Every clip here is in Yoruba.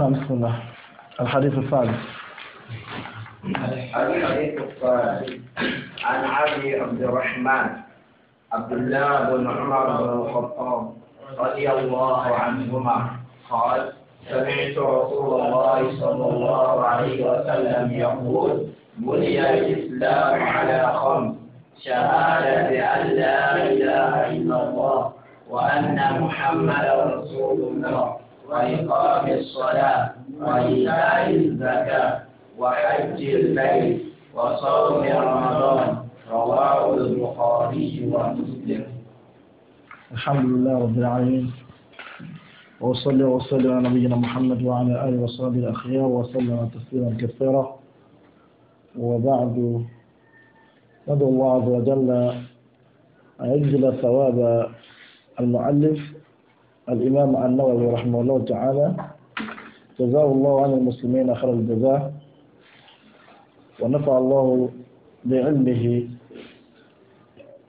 نعم بسم الله الحديث الثالث الحديث الثالث عن علي عبد الرحمن عبد الله بن عمر بن الخطاب رضي الله عنهما قال سمعت رسول الله صلى الله عليه وسلم يقول بني الإسلام على خمس شهادة أن لا إله إلا الله وأن محمدا رسول الله وإقام الصلاة وإيتاء الزكاة وحج البيت وصوم رمضان رواه البخاري ومسلم الحمد لله رب العالمين وصلي وسلم على نبينا محمد وعلى آله وصحبه الأخيار وسلم تسليما كثيرا وبعد ندعو الله عز وجل أن يجزل ثواب المؤلف الإمام النووي رحمه الله تعالى جزاه الله عن المسلمين خير الجزاء ونفع الله بعلمه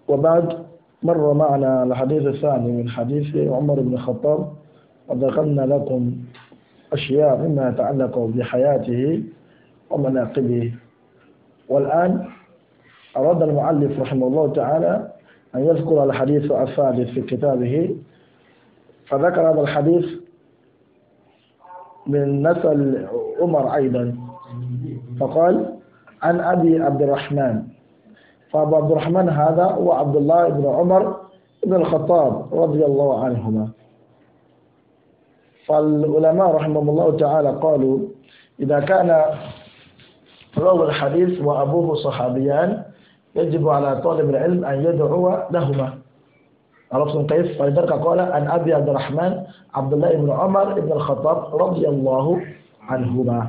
وبعد مر معنا الحديث الثاني من حديث عمر بن الخطاب وذكرنا لكم أشياء مما يتعلق بحياته ومناقبه والآن أراد المؤلف رحمه الله تعالى أن يذكر الحديث الثالث في كتابه فذكر هذا الحديث من نسل عمر أيضا فقال عن أبي عبد الرحمن فأبو عبد الرحمن هذا هو عبد الله بن عمر بن الخطاب رضي الله عنهما فالعلماء رحمهم الله تعالى قالوا إذا كان روى الحديث وأبوه صحابيان يجب على طالب العلم أن يدعو لهما عرفتم كيف؟ فلذلك قال عن أبي عبد الرحمن عبد الله بن عمر بن الخطاب رضي الله عنهما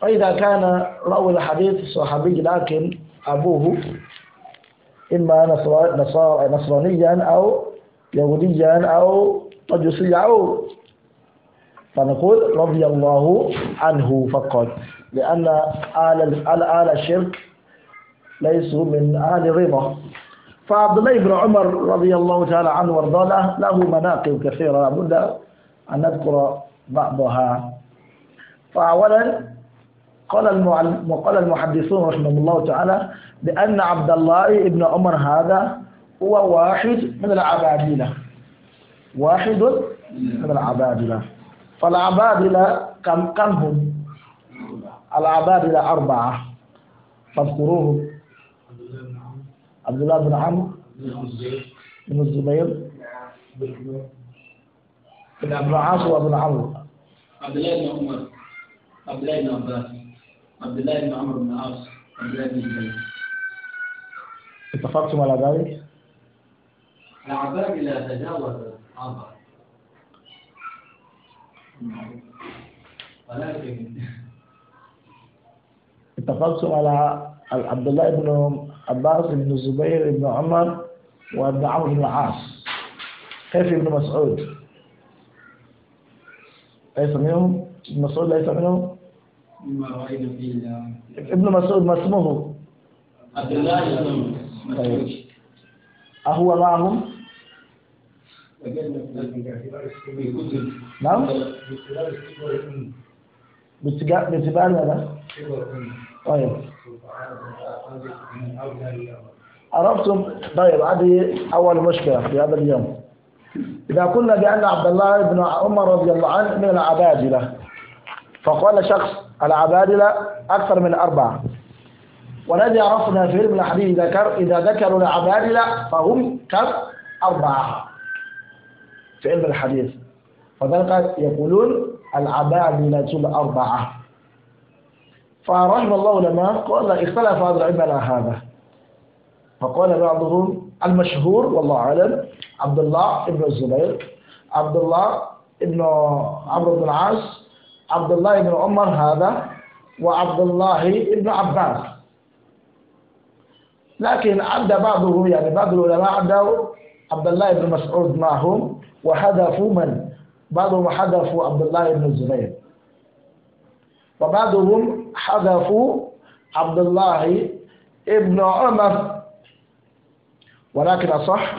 فإذا كان رأوا الحديث صحابي لكن أبوه إما نصر نصرانيا أو يهوديا أو مجوسيا أو فنقول رضي الله عنه فقط لأن آل آل الشرك ليسوا من آل رضا فعبد الله بن عمر رضي الله تعالى عنه وارضاه له, له مناقب كثيرة لابد أن نذكر بعضها فأولا قال المعلم قال المحدثون رحمه الله تعالى بأن عبد الله بن عمر هذا هو واحد من العبادلة واحد من العبادلة فالعبادلة كم كم هم العبادلة أربعة فاذكروهم عبد الله بن عمرو بن الزبير بن عبد العاص وابن عمرو عبد الله بن عمر عبد الله بن عباس عبد الله بن عمرو بن العاص عبد الله بن الزبير اتفقتم على ذلك؟ العباد لا تجاوز عبر ولكن اتفقتم على عبد الله بن عباس بن الزبير بن عمر وابن عمرو بن العاص كيف ابن مسعود ليس منهم ابن مسعود ليس منهم ابن مسعود ما اسمه عبد الله بن مسعود طيب. أهو معهم نعم باعتبار ماذا؟ طيب عرفتم طيب هذه أول مشكلة في هذا اليوم إذا قلنا بأن عبد الله بن عمر رضي الله عنه من العبادلة فقال شخص العبادلة أكثر من أربعة والذي عرفنا في علم الحديث ذكر إذا ذكروا العبادلة فهم كم أربعة في علم الحديث فذلك يقولون العبادلة الأربعة فرحم الله لما قال اختلف هذا العلم على هذا فقال بعضهم المشهور والله أعلم عبد الله بن الزبير عبد الله بن عمرو بن العاص عبد الله بن عمر هذا وعبد الله بن عباس لكن عدى بعضهم يعني بعض العلماء عدوا عبد الله بن مسعود معهم وحذفوا من؟ بعضهم حذفوا عبد الله بن الزبير وبعضهم حذفوا عبد الله ابن عمر ولكن أصح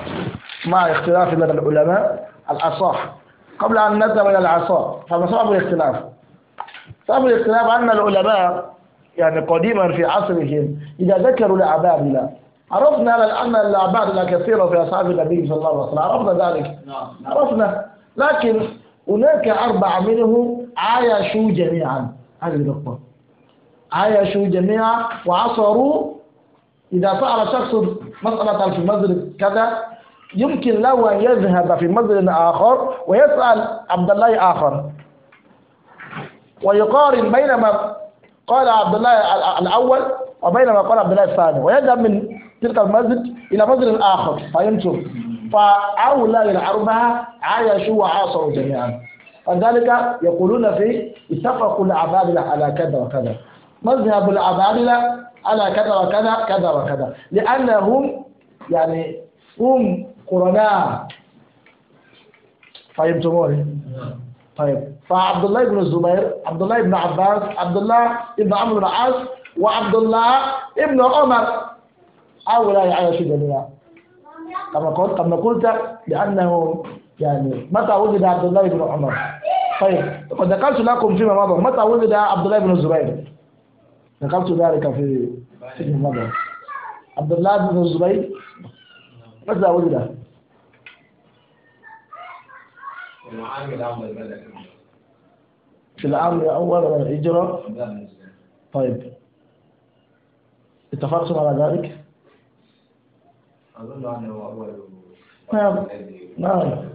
مع اختلاف لدى العلماء الأصح قبل أن نذهب إلى العصا صعب الاختلاف صعب الاختلاف أن العلماء يعني قديما في عصرهم إذا ذكروا لعباد الله عرفنا أن العباد لا كثيرة في أصحاب النبي صلى الله عليه وسلم عرفنا ذلك نعم. عرفنا لكن هناك أربعة منهم عايشوا جميعا اللي النقطة عايشوا جميعا وعصروا إذا فعل شخص مسألة في مسجد كذا يمكن له أن يذهب في مسجد آخر ويسأل عبد الله آخر ويقارن بين ما قال عبد الله الأول وبين ما قال عبد الله الثاني ويذهب من تلك المسجد إلى مسجد آخر فينشر فأولى العربة عايشوا وعاصروا جميعا فذلك يقولون في اتفقوا العبادلة على كذا وكذا مذهب العبادلة على كذا وكذا كذا وكذا لأنهم يعني هم قرناء طيب تموري طيب فعبد الله بن الزبير عبد الله بن عباس عبد الله بن عمرو بن العاص وعبد الله بن عمر هؤلاء يعيشون جميعا كما قلت كما قلت لأنهم يعني متى ولد عبد الله بن عمر طيب قد ذكرت لكم فيما مضى متى ولد عبد الله بن الزبير ذكرت ذلك في فيما مضى عبد الله بن الزبير متى ولد في العام الأول من الهجرة طيب اتفقتم على ذلك؟ أظن أنه أول نعم نعم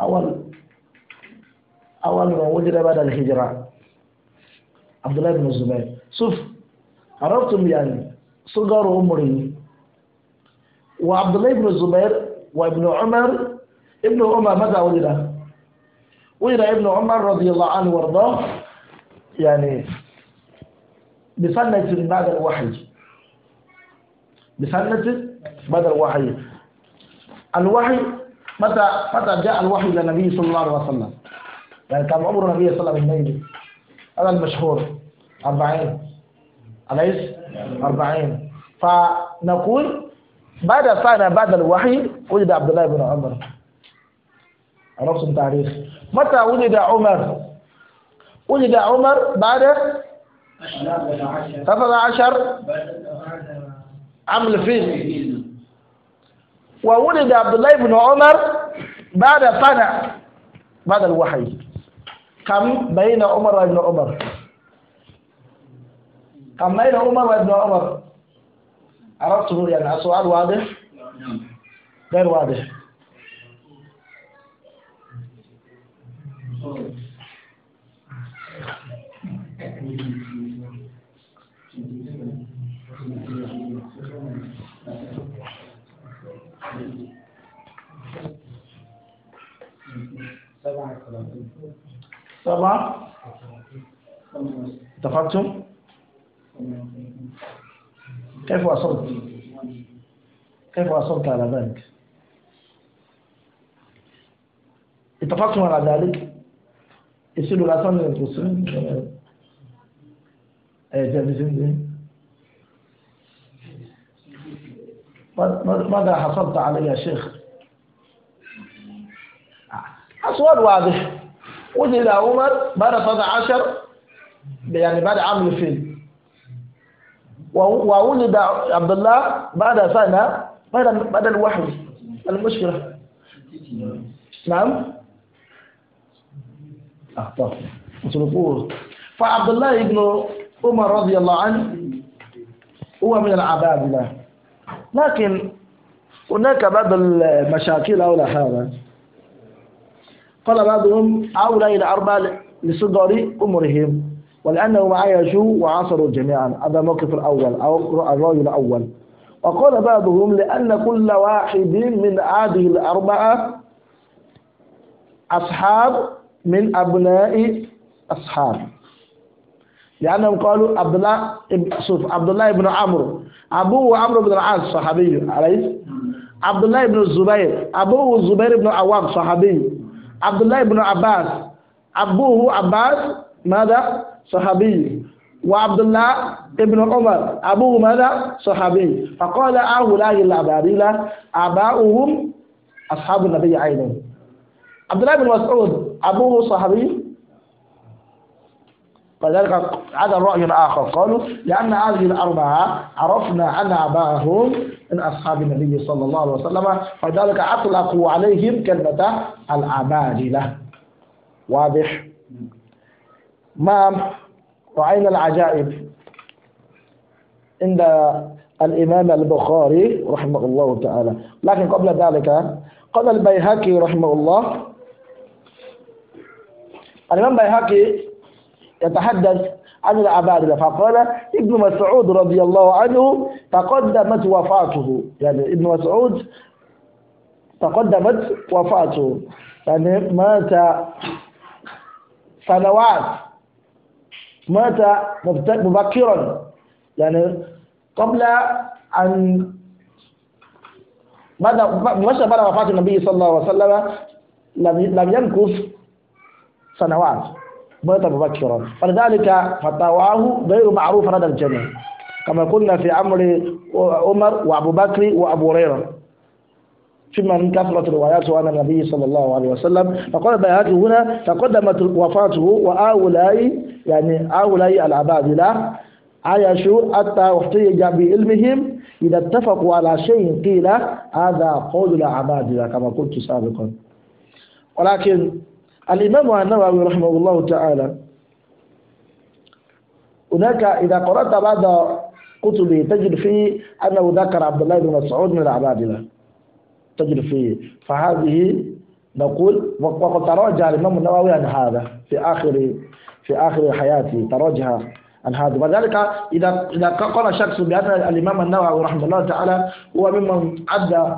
أول أول من وجد بعد الهجرة عبد الله بن الزبير شوف عرفتم يعني صغر عمره وعبد الله بن الزبير وابن عمر ابن عمر متى ولد؟ ولد ابن عمر رضي الله عنه وارضاه يعني بسنة بعد الوحي بسنة بعد الوحي الوحي متى متى جاء الوحي الى النبي صلى الله عليه وسلم يعني كان عمر النبي صلى الله عليه وسلم هذا المشهور 40 أليس 40 فنقول بعد سنة بعد الوحي وجد عبد الله بن عمر نفس التاريخ متى وجد عمر وجد عمر بعد 13 عشر عمل فيه وولد عبد الله بن عمر بعد سنة بعد الوحي كم بين عمر وابن عمر كم بين عمر وابن عمر عرفتم يعني السؤال واضح غير واضح Thank you. سبعة اتفقتم كيف وصلت كيف وصلت على ذلك اتفقتم على ذلك يصير لا سنة توصلين ماذا حصلت عليه يا شيخ؟ أسود واضح وجد عمر بعد 13 يعني بعد عام 2000 وولد عبد الله بعد سنة بعد بعد الوحي المشكلة نعم أخطأ فعبد الله بن عمر رضي الله عنه هو من العباد لكن هناك بعض المشاكل حول هذا قال بعضهم هؤلاء الأربعة لصدر أمرهم ولأنهم عايشوا وعاصروا جميعا هذا الموقف الأول أو الرأي الأول وقال بعضهم لأن كل واحد من هذه الأربعة أصحاب من أبناء أصحاب لأنهم قالوا عبد الله شوف عبد الله بن عمرو أبوه عمرو بن العاص صحابي أليس؟ عبد الله بن الزبير أبوه الزبير بن عوام صحابي abdullah ibn abbas abuhu abbas mada sahabi wa abdullah ibn umar abuhu mada sahabi faqala ahulahi labarila abauhum ashabu nabi aidan abdullah ibn mas'ud abuhu sahabi فذلك عدا الرأي الآخر قالوا لأن هذه الأربعة عرفنا أن أباهم من أصحاب النبي صلى الله عليه وسلم فذلك أطلقوا عليهم كلمة العبادلة واضح ما رأينا العجائب عند الإمام البخاري رحمه الله تعالى لكن قبل ذلك قال البيهقي رحمه الله الإمام البيهقي يتحدث عن العبادة فقال ابن مسعود رضي الله عنه تقدمت وفاته يعني ابن مسعود تقدمت وفاته يعني مات سنوات مات مبكرا يعني قبل أن بعد مشى بعد وفاة النبي صلى الله عليه وسلم لم لم يمكث سنوات مات مبكرا فلذلك فتاواه غير معروف لدى الجميع كما قلنا في امر عمر وابو بكر وابو هريره فيما من كثرة الروايات عن النبي صلى الله عليه وسلم فقال بيهاتي هنا تقدمت وفاته وهؤلاء يعني العباد العبادلة عايشوا حتى احتج بعلمهم إذا اتفقوا على شيء قيل هذا قول العبادلة كما قلت سابقا ولكن الإمام النووي رحمه الله تعالى هناك إذا قرأت بعض كتبه تجد فيه أنه ذكر عبد الله بن مسعود من العبادلة تجد فيه فهذه نقول وقد تراجع الإمام النووي عن هذا في آخر في آخر حياته تراجع عن هذا وذلك إذا إذا قال شخص بأن الإمام النووي رحمه الله تعالى هو ممن عدى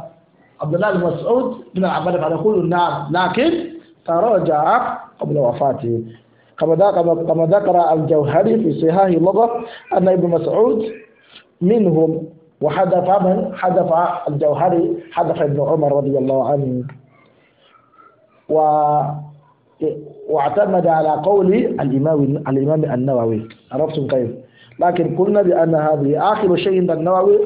عبد الله بن مسعود من العباد فنقول نعم لكن تراجع قبل وفاته كما ذكر الجوهري في صحيح اللغة أن ابن مسعود منهم وحذف من حذف الجوهري حذف ابن عمر رضي الله عنه و واعتمد على قول الإمام الإمام النووي عرفتم كيف لكن قلنا بأن هذه آخر شيء عند النووي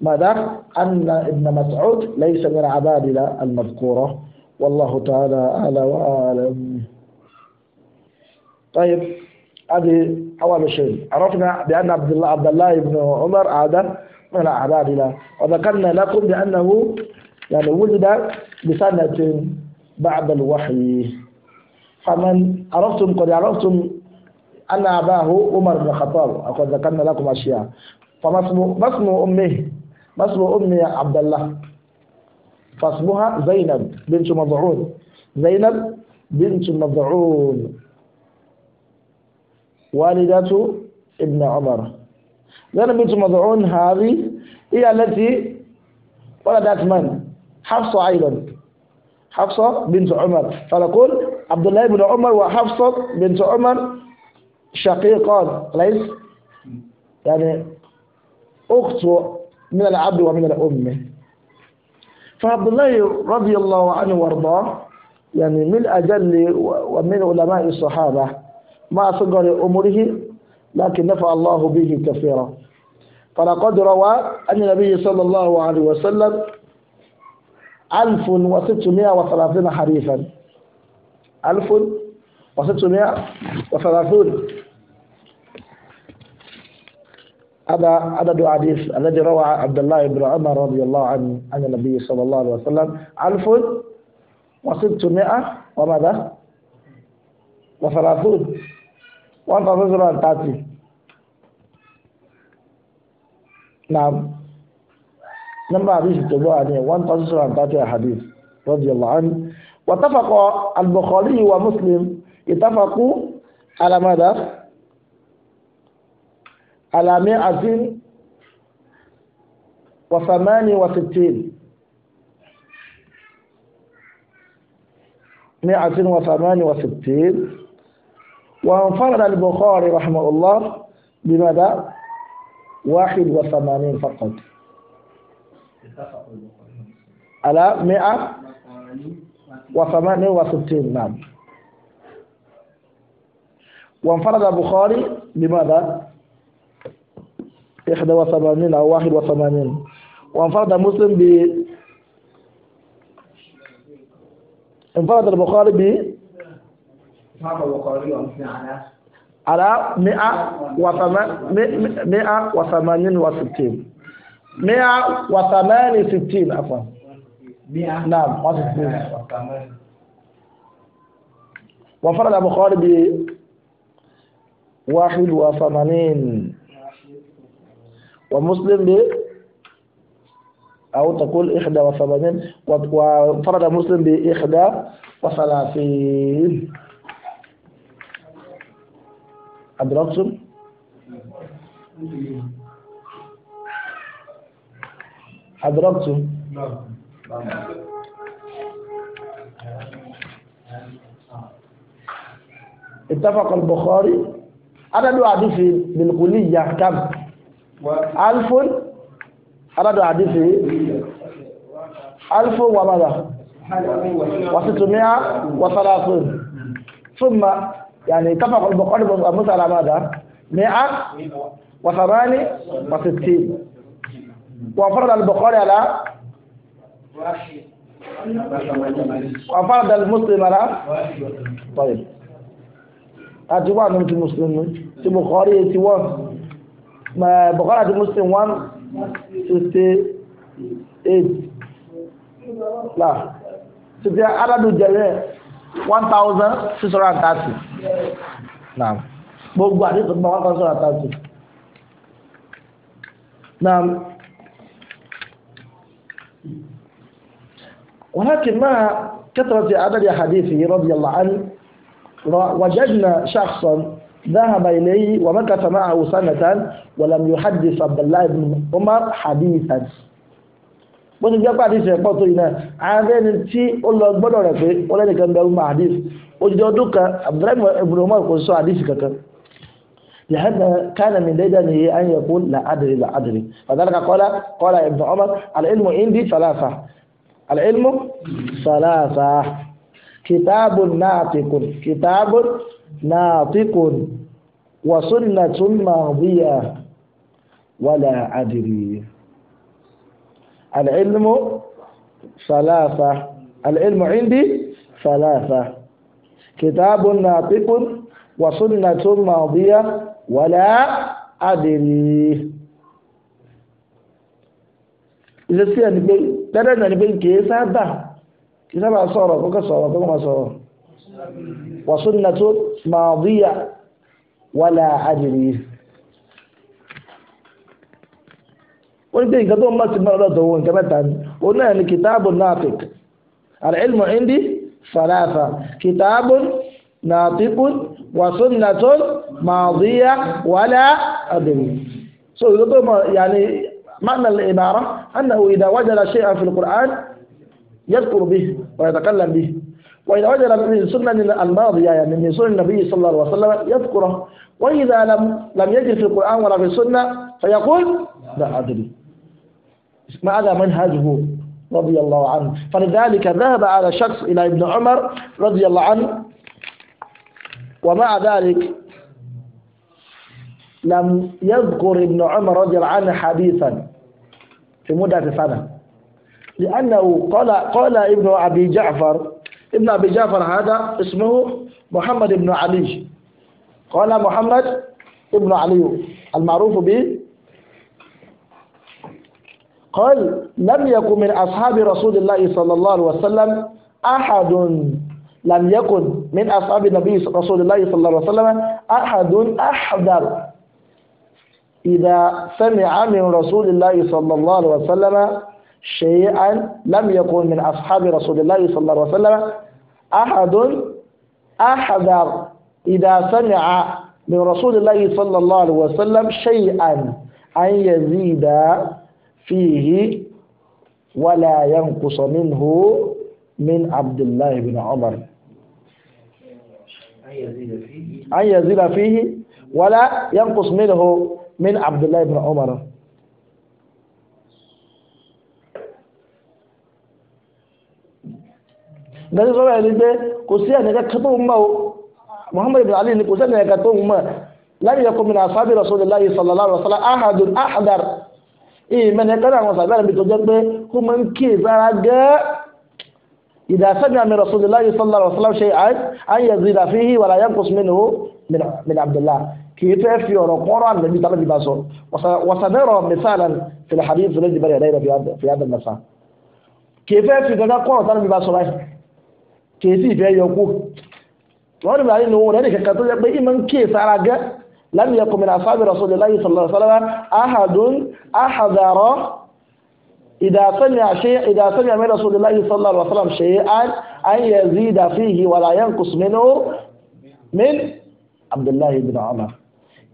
ماذا أن ابن مسعود ليس من العبادلة المذكورة والله تعالى أعلى وأعلم طيب هذه أول شيء عرفنا بأن عبد الله عبد الله بن عمر عاد من أعرابنا وذكرنا لكم بأنه يعني ولد بسنة بعد الوحي فمن عرفتم قد عرفتم أن أباه عمر بن الخطاب وقد ذكرنا لكم أشياء فما اسم ما اسم أمه ما اسم أمي عبد الله فاسمها زينب بنت مضعون زينب بنت مضعون والدة ابن عمر زينب بنت مضعون هذه هي التي ولدت من؟ حفصة أيضا حفصة بنت عمر فنقول عبد الله بن عمر وحفصة بنت عمر شقيقان ليس يعني أخت من العبد ومن الأم فعبد الله رضي الله عنه وارضاه يعني من أجل ومن علماء الصحابة مع صغر عمره لكن نفع الله به كثيرا فلقد روى أن النبي صلى الله عليه وسلم ألف 1630 حديثا 1630 هذا هذا دعاء حديث الذي روى عبد الله بن عمر رضي الله عنه عن النبي صلى الله عليه وسلم ألف وستمائة وماذا؟ وثلاثون 1030 نعم نما حديث التبوع 1030 الحديث رضي الله عنه واتفق البخاري ومسلم اتفقوا على ماذا؟ على مئة وثمان وستين مئة وثمان وستين وانفرد البخاري رحمه الله بماذا؟ واحد وثمانين فقط على مئة وثمانين وستين نعم وانفرد البخاري بماذا؟ إحدى وثمانين أو واحد وثمانين وانفرد مسلم ب انفرد البخاري ب على مئة وثمانين مئة وثمانين وستين مئة وثمانين وستين عفوا نعم وستين وفرد البخاري ب واحد وثمانين ومسلم ب أو تقول إحدى وثمانين وفرد مسلم بإحدى وثلاثين أدركتم؟ أدركتم؟ اتفق البخاري عدد في بالقلية كم؟ alfun aládùn àdífì alfun wà mọ́ra wàsítùmíà wàsálàfún súnmà yàní káfà ọdún àmúta alamada mi'a wasamani wasitti وانفرد البخاري على وانفرد المسلم على طيب أتوا نمت المسلم تبخاري توا Eh, Bukhari àti Muslim one sixty eight la sixty adadu jẹrẹ one thousand six hundred and thirty na gbogbo àdìsọ gba one thousand six hundred and thirty na ولكن مع كثرة عدد حديثه رضي الله عنه وجدنا ولم yóò عبد الله ibn عمر hadithan bó ti jẹ́ pàdé ìṣẹ̀ pọ̀ tó yìí náà ààrẹ ni tí ó lọ gbọ́dọ̀ rẹ̀ pé ó lẹ́nu kan bẹ̀rù mọ́ hadith òjijì ọdún kan abdullahi ibn umar kò sọ hadith kankan لأن كان من بدنه أن يقول لا أدري لا أدري فذلك قال قال ابن عمر العلم عندي ثلاثة العلم ثلاثة كتاب ناطق كتاب ناطق wàsúnà tó máa wíyà wàlà àdìrí alẹ́lmọ́ sàlàfà alẹ́lmọ́ indi sàlàfà kìtàbùn náà pípún wàsúnà tó máa wíyà wàlà àdìrí ìṣesí ẹni pé tẹ́lẹ̀ náà ni pé kìí sábà kìí sábà sọ̀rọ̀ kókè sọ̀rọ̀ kókè máa sọ̀rọ̀ wàsúnà tó wálá àdìrí wọ́n gbé nǹkan tó ń mọ́sí mọ́ lọ́dọ̀ owó nǹkan mẹ́ta ni òun náà ni kìtàbùn natik al-ilmu indi falafa kìtàbùn natikun wa sunnatun maadhiya wala adri so nǹkan tó mọ̀ yàní معنى العبارة أنه إذا وجد شيئا في القرآن يذكر به ويتكلم به وإذا وجد من سنن الماضية يعني من سنن النبي صلى الله عليه وسلم يذكره وإذا لم لم يجد في القرآن ولا في السنة فيقول لا أدري ما هذا منهجه رضي الله عنه فلذلك ذهب على شخص إلى ابن عمر رضي الله عنه ومع ذلك لم يذكر ابن عمر رضي الله عنه حديثا في مدة سنة لأنه قال قال ابن أبي جعفر ابن أبي جعفر هذا اسمه محمد بن علي قال محمد ابن علي المعروف به قال لم يكن من أصحاب رسول الله صلى الله عليه وسلم أحد لم يكن من أصحاب النبي رسول الله صلى الله عليه وسلم أحد أحذر إذا سمع من رسول الله صلى الله عليه وسلم شيئا لم يكن من أصحاب رسول الله صلى الله عليه وسلم أحد أحذر إذا سمع من رسول الله صلى الله عليه وسلم شيئا أن يزيد فيه ولا ينقص منه من عبد الله بن عمر أن يزيد فيه ولا ينقص منه من عبد الله بن عمر ìdájọ́ sọ́rọ̀ ẹni pé kò sí ẹ̀nìyàn kan tó ń mọ̀ o Muhammad ibn Ali ni kò sí ẹ̀nìyàn kan tó ń mọ̀ láyé ẹ̀kọ́ mi náà sábẹ́ Rasulullahi sallallahu alaihi wasallam ahadun ahadar ìmẹ̀ni kan àwọn sàbẹ́ rẹ̀ tó jẹ́ pé kó máa ń kí ìsára gẹ́ ìdásẹ́mi àmì Rasulullahi sallallahu alaihi wasallam ṣe àyè zidà fihi wala yanqus minhu min Abdullah kì í fẹ́ fi ọ̀rọ̀ kọ́rọ̀ àmì tábìlì bá sọ wasanẹ́rọ̀ misalan fil hadith lẹ́yìn bẹ̀rẹ̀ rẹ̀ fi adàmẹ́sà kì í fẹ́ fi gẹ́gẹ́ kọ́rọ̀ tábìlì bá sọ kìí sì fẹ́ yọkú wọ́n rí báyìí nínú rẹ̀ nìkan tó yẹ pé ìmọ̀ ń kíyè sára gẹ́ lámì yẹ kòmìnà sábẹ̀ Rasulullahi sallallahu alaihi wasallam ahadun ahadàrọ̀ ìdásẹ́mi àṣẹ ìdásẹ́mi àmì Rasulullahi sallallahu alaihi wasallam ṣe an yazida fihi wala yanqus minhu min Abdullahi ibn Umar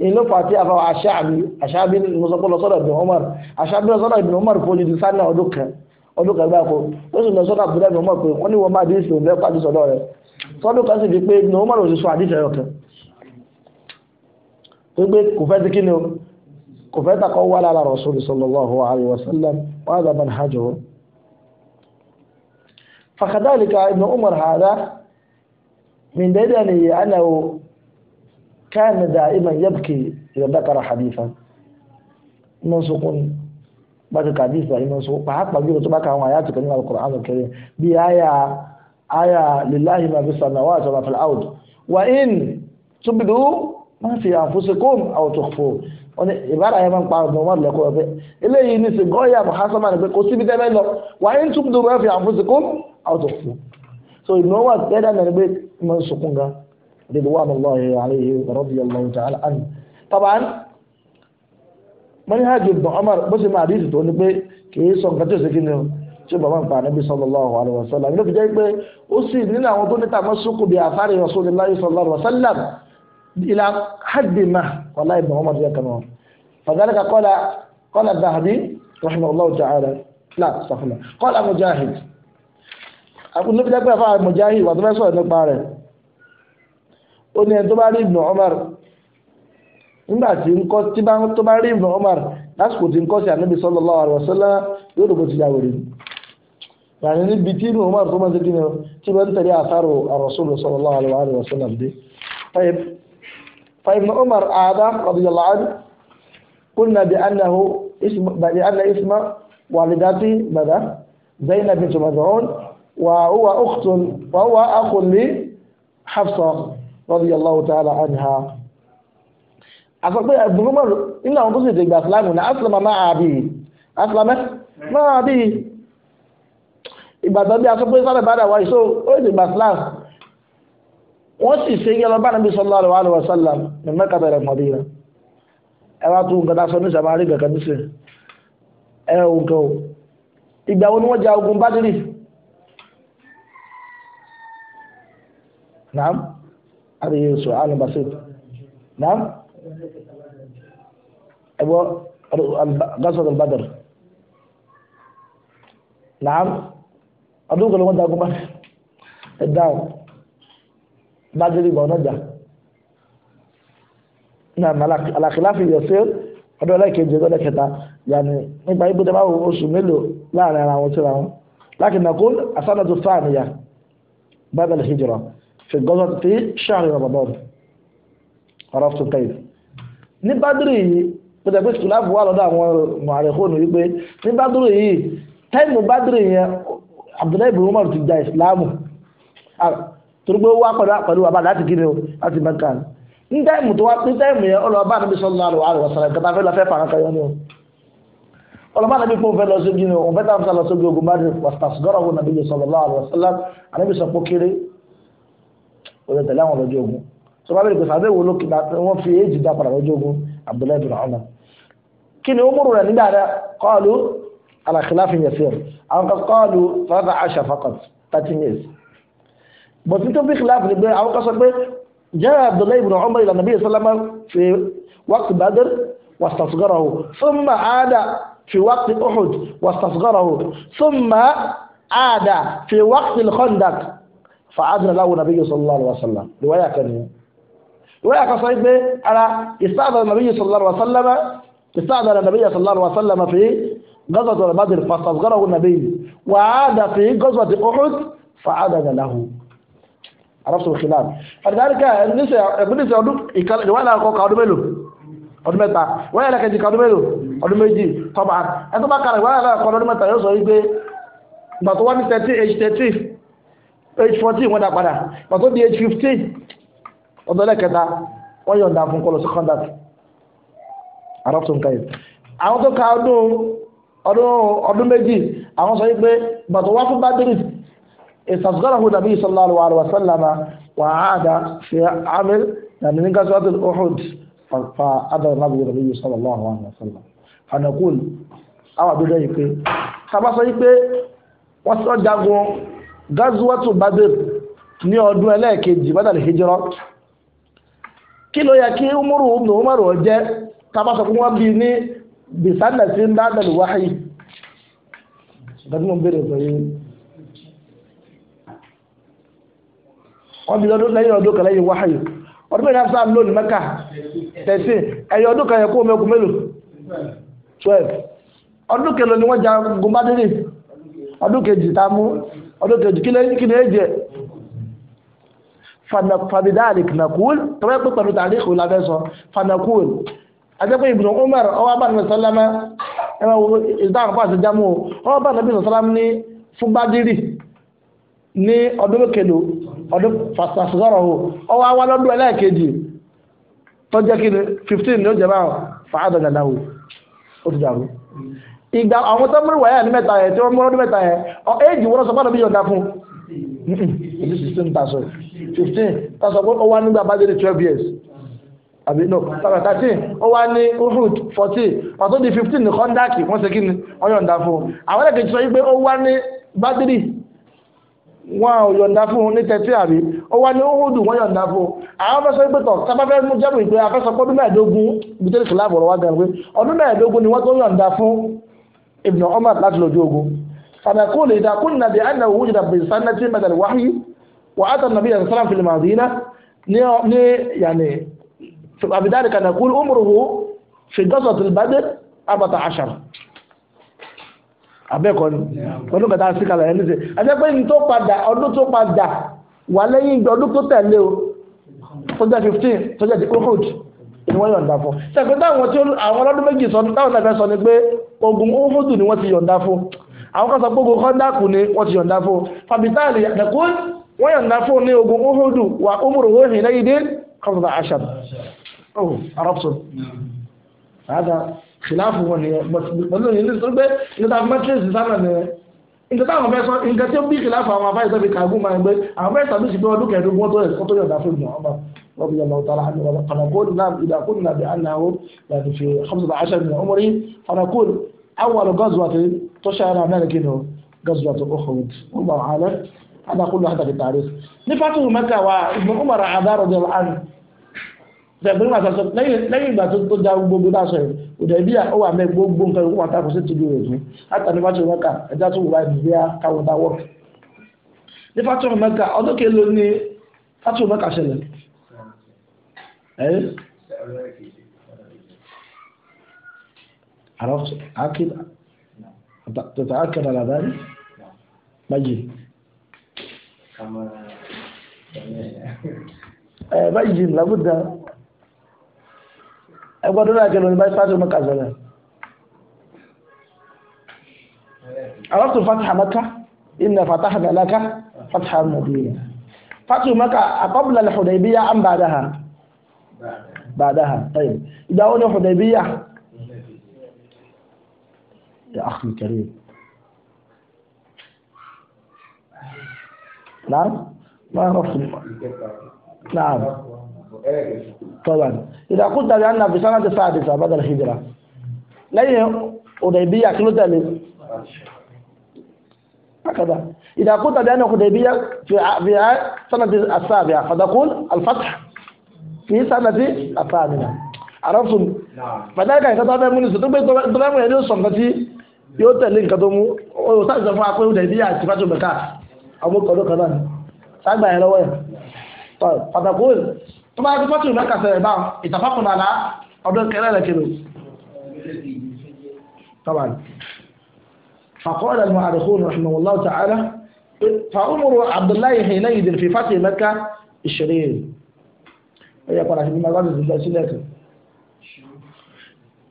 inú fàtí àfàwọn àṣàbí àṣàbí mùsọ̀pọ̀ lọ́sọ̀rọ̀ ibn Umar àṣàbí lọ́sọ̀rọ̀ ibn Umar fojì ọdún kan gbáko ó sì lọ sọ́dọ̀ àbúrò ẹ̀mí ọmọ pé wọ́n ní wọ́n máa dín ìsìn òǹbẹ́ pàdé sọ́dọ̀ rẹ̀ sọ́dún kan sì di pé ní wọ́n máa lòdì sọ àdìsẹ́ ọ̀kẹ́ tó gbé kò fẹ́ ti kíni o kò fẹ́ takọ̀ wà lára Rasul sallallahu alaihi wasallam wa hadha manhajuhu fakadhalika ibn Umar hadha min daidani annahu kana da'iman yabki idha dhakara hadithan mun sukun baka kadi sa yin so ba haka bi to baka wa ayatu kan alquran alkarim bi aya aya lillahi ma bis samawati wa fil ard wa in tubdu ma fi anfusikum aw tukhfu oni ibara ya man pa do wa le ko be eléyìí ni se goya muhasama ni pé kò síbi tebe lọ wa in tubdu ma fi anfusikum aw tukhfu so you know what better than be man sukunga ridwanullahi alayhi wa radiyallahu manhaj ibn Umar bó ṣe máa ríṣì tó ní pé kìí sọ nǹkan tí ó ṣe kí ni o tí ó bàbá nǹkan ànábì sallallahu alaihi wasallam ló fi jẹ́ pé ó sì nínú àwọn tó níta mọ́sùkù bíi àfárí Rasulullahi sallallahu alaihi wasallam ila haddi ma wàlá ibn Umar jẹ́ kan wọn. fàdálẹ́ka qala qala Dhahabi rahimahullahu ta'ala Mujahid nígbà tí ń kọ́ tí tó bá rí ibùdó Umar lásìkò tí ń kọ́ sí ànábì sallallahu alaihi wasallam yóò dòbò ti yàwòrán yàrá níbi tí ibùdó Umar tó máa ń tẹ́tí ni tí wọ́n ń àtàrò ar-Rasul sallallahu alaihi wasallam dé. فابن عمر عاد رضي الله عنه قلنا بأنه اسم بأن اسم والدته ماذا زينب بنت مدعون وهو أخت وهو أخ لحفصة رضي الله تعالى عنها àsọpẹ́ ẹ̀bùn mọ́ nínú àwọn tó sì dìgbà sílámù ní asìlámà máa àbí asìlámẹ́ máa àbí ìgbàdàn bí asọpẹ́ sábẹ̀ bá dà wáyé so ó dìgbà sílámù wọ́n sì ṣe yẹ lọ bá nàbí sọlá rẹ̀ wà lọ́wọ́ sálà ní mẹ́ka bẹ̀rẹ̀ mọ̀ bíi ẹ wá tún nǹkan aṣọ ní sàmárì kankan ní sìn ẹ ò nǹkan o ìgbà wo ni wọ́n ja ogun bádìrì nàám àbí yéé sọ àlùbáṣẹ́ ẹgbọ́ gasọ̀rọ̀ Badr naam ọdún kan ló wọ́n dagun bá ẹ̀dá bádìrí gbọ̀n náà jà náà alákìláfi yọ̀sẹ̀ ọdún ọlẹ́kẹ̀ẹ́jì ọdún ọlẹ́kẹta yàní nípa ibùdó máa wọ oṣù mélòó láàrin ara wọn síra wọn láti nàkún asánàtò sáàmìyà بعد الهجرة في الجزر في شهر رمضان عرفت كيف نبدري pẹ̀lú pé sùláàbù wà lọ́dọ̀ àwọn mọ̀àrẹ́kọ́nù wípé ní bádùrù yìí táìmù bádùrù yẹn abdullahi ibn umar ti gba ìsìláàmù ah, torí pé ó wá pẹ̀lú pẹ̀lú bàbá láti kí ni o láti mẹ́ka ní táìmù tó wá ní táìmù yẹn ọlọ́ọ̀bá níbi sọ́nà àrò àrò ọ̀sán ìkàtà fẹ́ lọ fẹ́ fara kan yọ ni o ọlọ́ọ̀bá níbi fún fẹ́ lọ sóbi ni o fẹ́ tàbí sọ́nà sóbi ogun bá ní wàtàsígọ́rọ̀ wọn nàbí sọ́nà àrò ọ̀sán àníbi sọ pé kéré ogun bá bẹ̀rẹ̀ pé sàbẹ̀wò lókè umar كن أمرنا نبدأ قالوا على خلاف يسير أو قالوا فضع عشر فقط تتنيز بس أنتم خلاف نبدأ أو قصد جاء عبد الله بن عمر إلى النبي صلى الله عليه وسلم في وقت بدر واستصغره ثم عاد في وقت أحد واستصغره ثم عاد في وقت الخندق فأذن له النبي صلى الله عليه وسلم رواية كريمة رواية صحيح على استعذر النبي صلى الله عليه وسلم استأذن النبي صلى الله عليه وسلم في غزوة بدر فاستصغره النبي وعاد في غزوة أحد فعدد له عرفتم الخلاف فلذلك بالنسبة لأدوك ولا أقوك أدو مélòó ọdún mẹ́ta wọ́n yẹ lẹ́kẹ̀ẹ́ jìkà ọdún mélòó ọdún méjì tọ́ba ẹ tó bá kàrà wọ́n yẹ lẹ́kẹ̀ẹ́ ọdún mẹ́ta yóò sọ wípé ìgbà tó wá ní thirteen age thirteen age fourteen wọ́n dá padà ìgbà tó di age fifteen ọdún ẹlẹ́kẹta wọ́n yọ̀ǹda fún kọlọ̀ secondary arabtum kayo àwọn tó ka ọdún ọdún ọdún méjì àwọn sọ wípé bàtọ̀ wá fún bádìrì ìsàsùgbọ́nàhùn nàbí sallallahu alaihi wa sallam wà á dá fi amir nàbí ní gásíwájú uhud fa adà nàbí nàbí sallallahu alaihi wa sallam fanakul àwọn àbúrò yìí pé sábà sọ wípé wọ́n sọ jagun gásíwájú bádìr ní ọdún ẹlẹ́ẹ̀kejì bádàlì hijra kí ló yẹ kí umaru ibn umaru jẹ́ tábà sọ fún wọn bí ní bisanna sí ń bá dàlú wáyé gbẹ́dúmọ̀ bẹ̀rẹ̀ sọ yìí wọ́n bí lọ́dún lẹ́yìn na kan lẹ́yìn wáyé ọdún mẹ́rin náà sáà lónìí mẹ́ka tẹ̀sí ẹ̀yọ ọdún kan yẹ kó mẹ́kù mélòó twelve ọdún kẹlò ni wọ́n ja gombadiri ọdún a mú ọdún àtẹ́kùn ibn Umar ọwọ́ bá nàbí sọ́lámà ẹwà ìdáhùn fún àti jámù ọwọ́ bá nàbí sọ́lámà ní fún bádírì ní ọdún mẹ́kẹ̀lò ọdún fàṣàṣọ́rọ̀ ọwọ́ wá lọ́dún ẹlẹ́ẹ̀kejì tó jẹ́ kí ni fifteen ní ó jẹ́ báwọn fàádọ̀ dàdà wò ó ti dàrú. ìgbà àwọn tó múlò wáyà ní mẹ́ta yẹn tí wọ́n múlò ọdún mẹ́ta yẹn ọ éèjì wọ́n sọ fún àdàbí yọ̀ǹda fún fifteen tasọ̀ fifteen tasọ̀ ó wá nígbà bádírì years àbí no sábà thirteen ó wá ní uhud fourteen ọ̀tún di fifteen ní kọ́ńdàkì wọ́n ṣe kí ni wọ́n yọ̀ǹda fún un àwọn ẹ̀kejì sọ wípé ó wá ní bádìrì wọn ò yọ̀ǹda fún un ní tẹ́tí àbí ó wá ní óhùdù wọn yọ̀ǹda fún un àwọn fẹ́ sọ pé tọ̀ sábà fẹ́ mú jẹ́bù ìpè afẹ́sọ pé ọdún mẹ́ẹ̀ẹ́dógún ibi tẹ́lẹ̀ kìlá àbọ̀rọ̀ wá gan pé ọdún mẹ́ẹ̀ẹ́dógún ni wọ́n tó yọ̀ǹda fún Ibn Umar láti lójú ogun fàmẹ́kù lè dá kún nàbí àná òwú jìdá bèèrè sáná tí mẹ́tàlì wáyé wà á tàn nàbí yàtọ̀ sáláfìlì màdínà ní yàní فبذلك نقول عمره في قصة البدر أربعة عشر abẹ́ẹ̀kọ́ ni ọdún kẹta sí kalẹ̀ ẹni ṣe ẹjẹ́ pé ní tó padà ọdún tó padà wà lẹ́yìn ọdún tó tẹ̀lé o tó jẹ́ fifteen tó jẹ́ ti uhud ni wọ́n yọ̀ǹda fún ṣẹ̀pẹ́ táwọn tí àwọn ọlọ́dún méjì sọ táwọn náà sọ ni pé ogun uhud ni wọ́n ti yọ̀ǹda fún àwọn kan sọ pé ogun kọ́ńdàkù ni wọ́n ti yọ̀ǹda fún fàbítàlì ẹ̀kú wọ́n yọ̀ǹda fún ní ogun uhud wà umuru hóhìn lẹ́yìn خفض عشر أوه عرفته هذا خلافه هو بس بدون ينزل صلبة إذا ما تنزل زمان nǹkan táwọn fẹ́ sọ nǹkan tí ó bí kìláàfù àwọn afáyé sọ́bi kàgún máa ń gbé àwọn fẹ́ sàbí sí pé ọdún kẹẹ̀ẹ́dógún tó ẹ̀sọ́ tó yọ̀dá رضي الله تعالى عنه فنقول نعم إذا قلنا بأنه يعني في عشر من عمره فنقول أول غزوة تشعر ذلك غزوة أحد والله أعلم هذا كله هذا في التاريخ نفعته مكة وابن عمر عذار رضي الله عنه sẹ̀gbọ́n nígbà tó lẹ́yìn ìgbà tó da gbogbo náà sọ̀rọ̀ òdà ìbí ó wà mẹ́ gbogbo nǹkan ìwọ́n wà tákùn sí ti dúró ìpín látàní fásitì mẹ́ka ẹ̀dá tó wà ní bíyà káwọn dá wọ́ọ̀kì. ní fásitì mẹ́ka ọdún kelo ni fásitì mẹ́ka ṣẹlẹ̀. عرفت عاقل تتعاقل على ذلك ẹgbọ́dún náà kẹlò ní báyìí fásitì mọ́kà sọ̀rọ̀ àwọn tó fataha maka inna fatahna laka fataha mubina fatu maka qabla al-hudaybiyya am ba'daha ba'daha tayyib ìgbà wo ni hudaybiyya ya akhi karim نعم ما عرفت نعم طبعا إذا قلت بأن في سنة سادسة بعد الهجرة ليه حديبية كيلو تالي هكذا إذا قلت بأن حديبية في في سنة السابعة فتقول الفتح في سنة الثامنة عرفتم؟ فذلك يتطابق من السنة تطابق من السنة yóò tẹ̀lé nǹkan tó mú ó sáàjọ fún apẹ́ òdẹ̀ bí àti fájú mẹ́ka àwọn ọkọ̀ lókan náà ságbà ẹ̀ lọ́wọ́ ẹ̀ pàtàkùn tó bá yẹ kó fọ́tò ìlọ́kà sẹ̀rẹ̀ bá ìtàfàkùnà àlá ọdún kẹrẹ́ rẹ̀ kìlò tọ́bàlì فقال المعرخون رحمه الله تعالى فعمر عبد الله حينئذ في فتح مكة الشرير هي قال في المغازي الله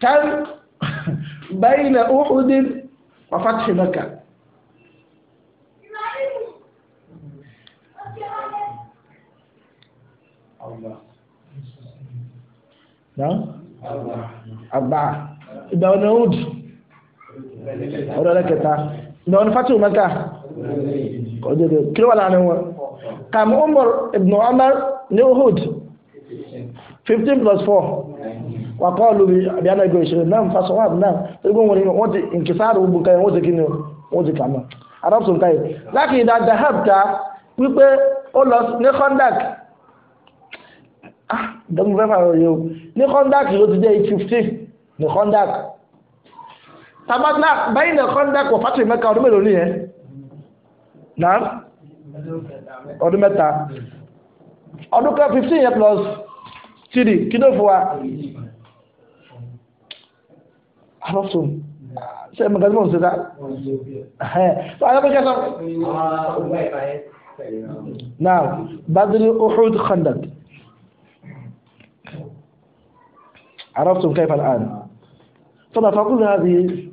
كان بين أحد وفتح مكة àgbà ìgbà ọ̀nà old ọ̀dọ̀ ẹlẹ́kẹta ìgbà ọ̀nà fatihu mẹ́ta kọjọ́dọ̀ kí ló wà láàrin wọn kam umar ibn umar ní uhud fifteen plus four wà kọ́ lóbi àbíyáná ìgbà ìṣòro náà fa sọ́wọ́ àbí náà tó gbóhùn wọn ni wọ́n ti nkìsáàrù gbogbo nǹkan yẹn wọ́n ti kí ni wọ́n ti kà mọ́ adọ́pùsùn káyọ̀ lákì ìdá dahabta wípé ó lọ ní kọ́ńdàkì ah ìdánwò fẹ́ fàrọ̀ yìí o ní condac ló ti jẹ́ eight fifteen ní condac tabatna báyìí ní condac wọ fátìrì mẹ́ka ọdún mélòó nìyẹn náà ọdún mẹ́ta ọdún kan fifteen yẹn plus three kí ló fún wa alọ́sùn ṣe mọ̀gàdìmọ̀ ń ṣẹta ẹ̀hẹ́n so alábẹ́kẹ́ sọ. now badri uhud khandak. عرفتم كيف الآن طبعا فأقول هذه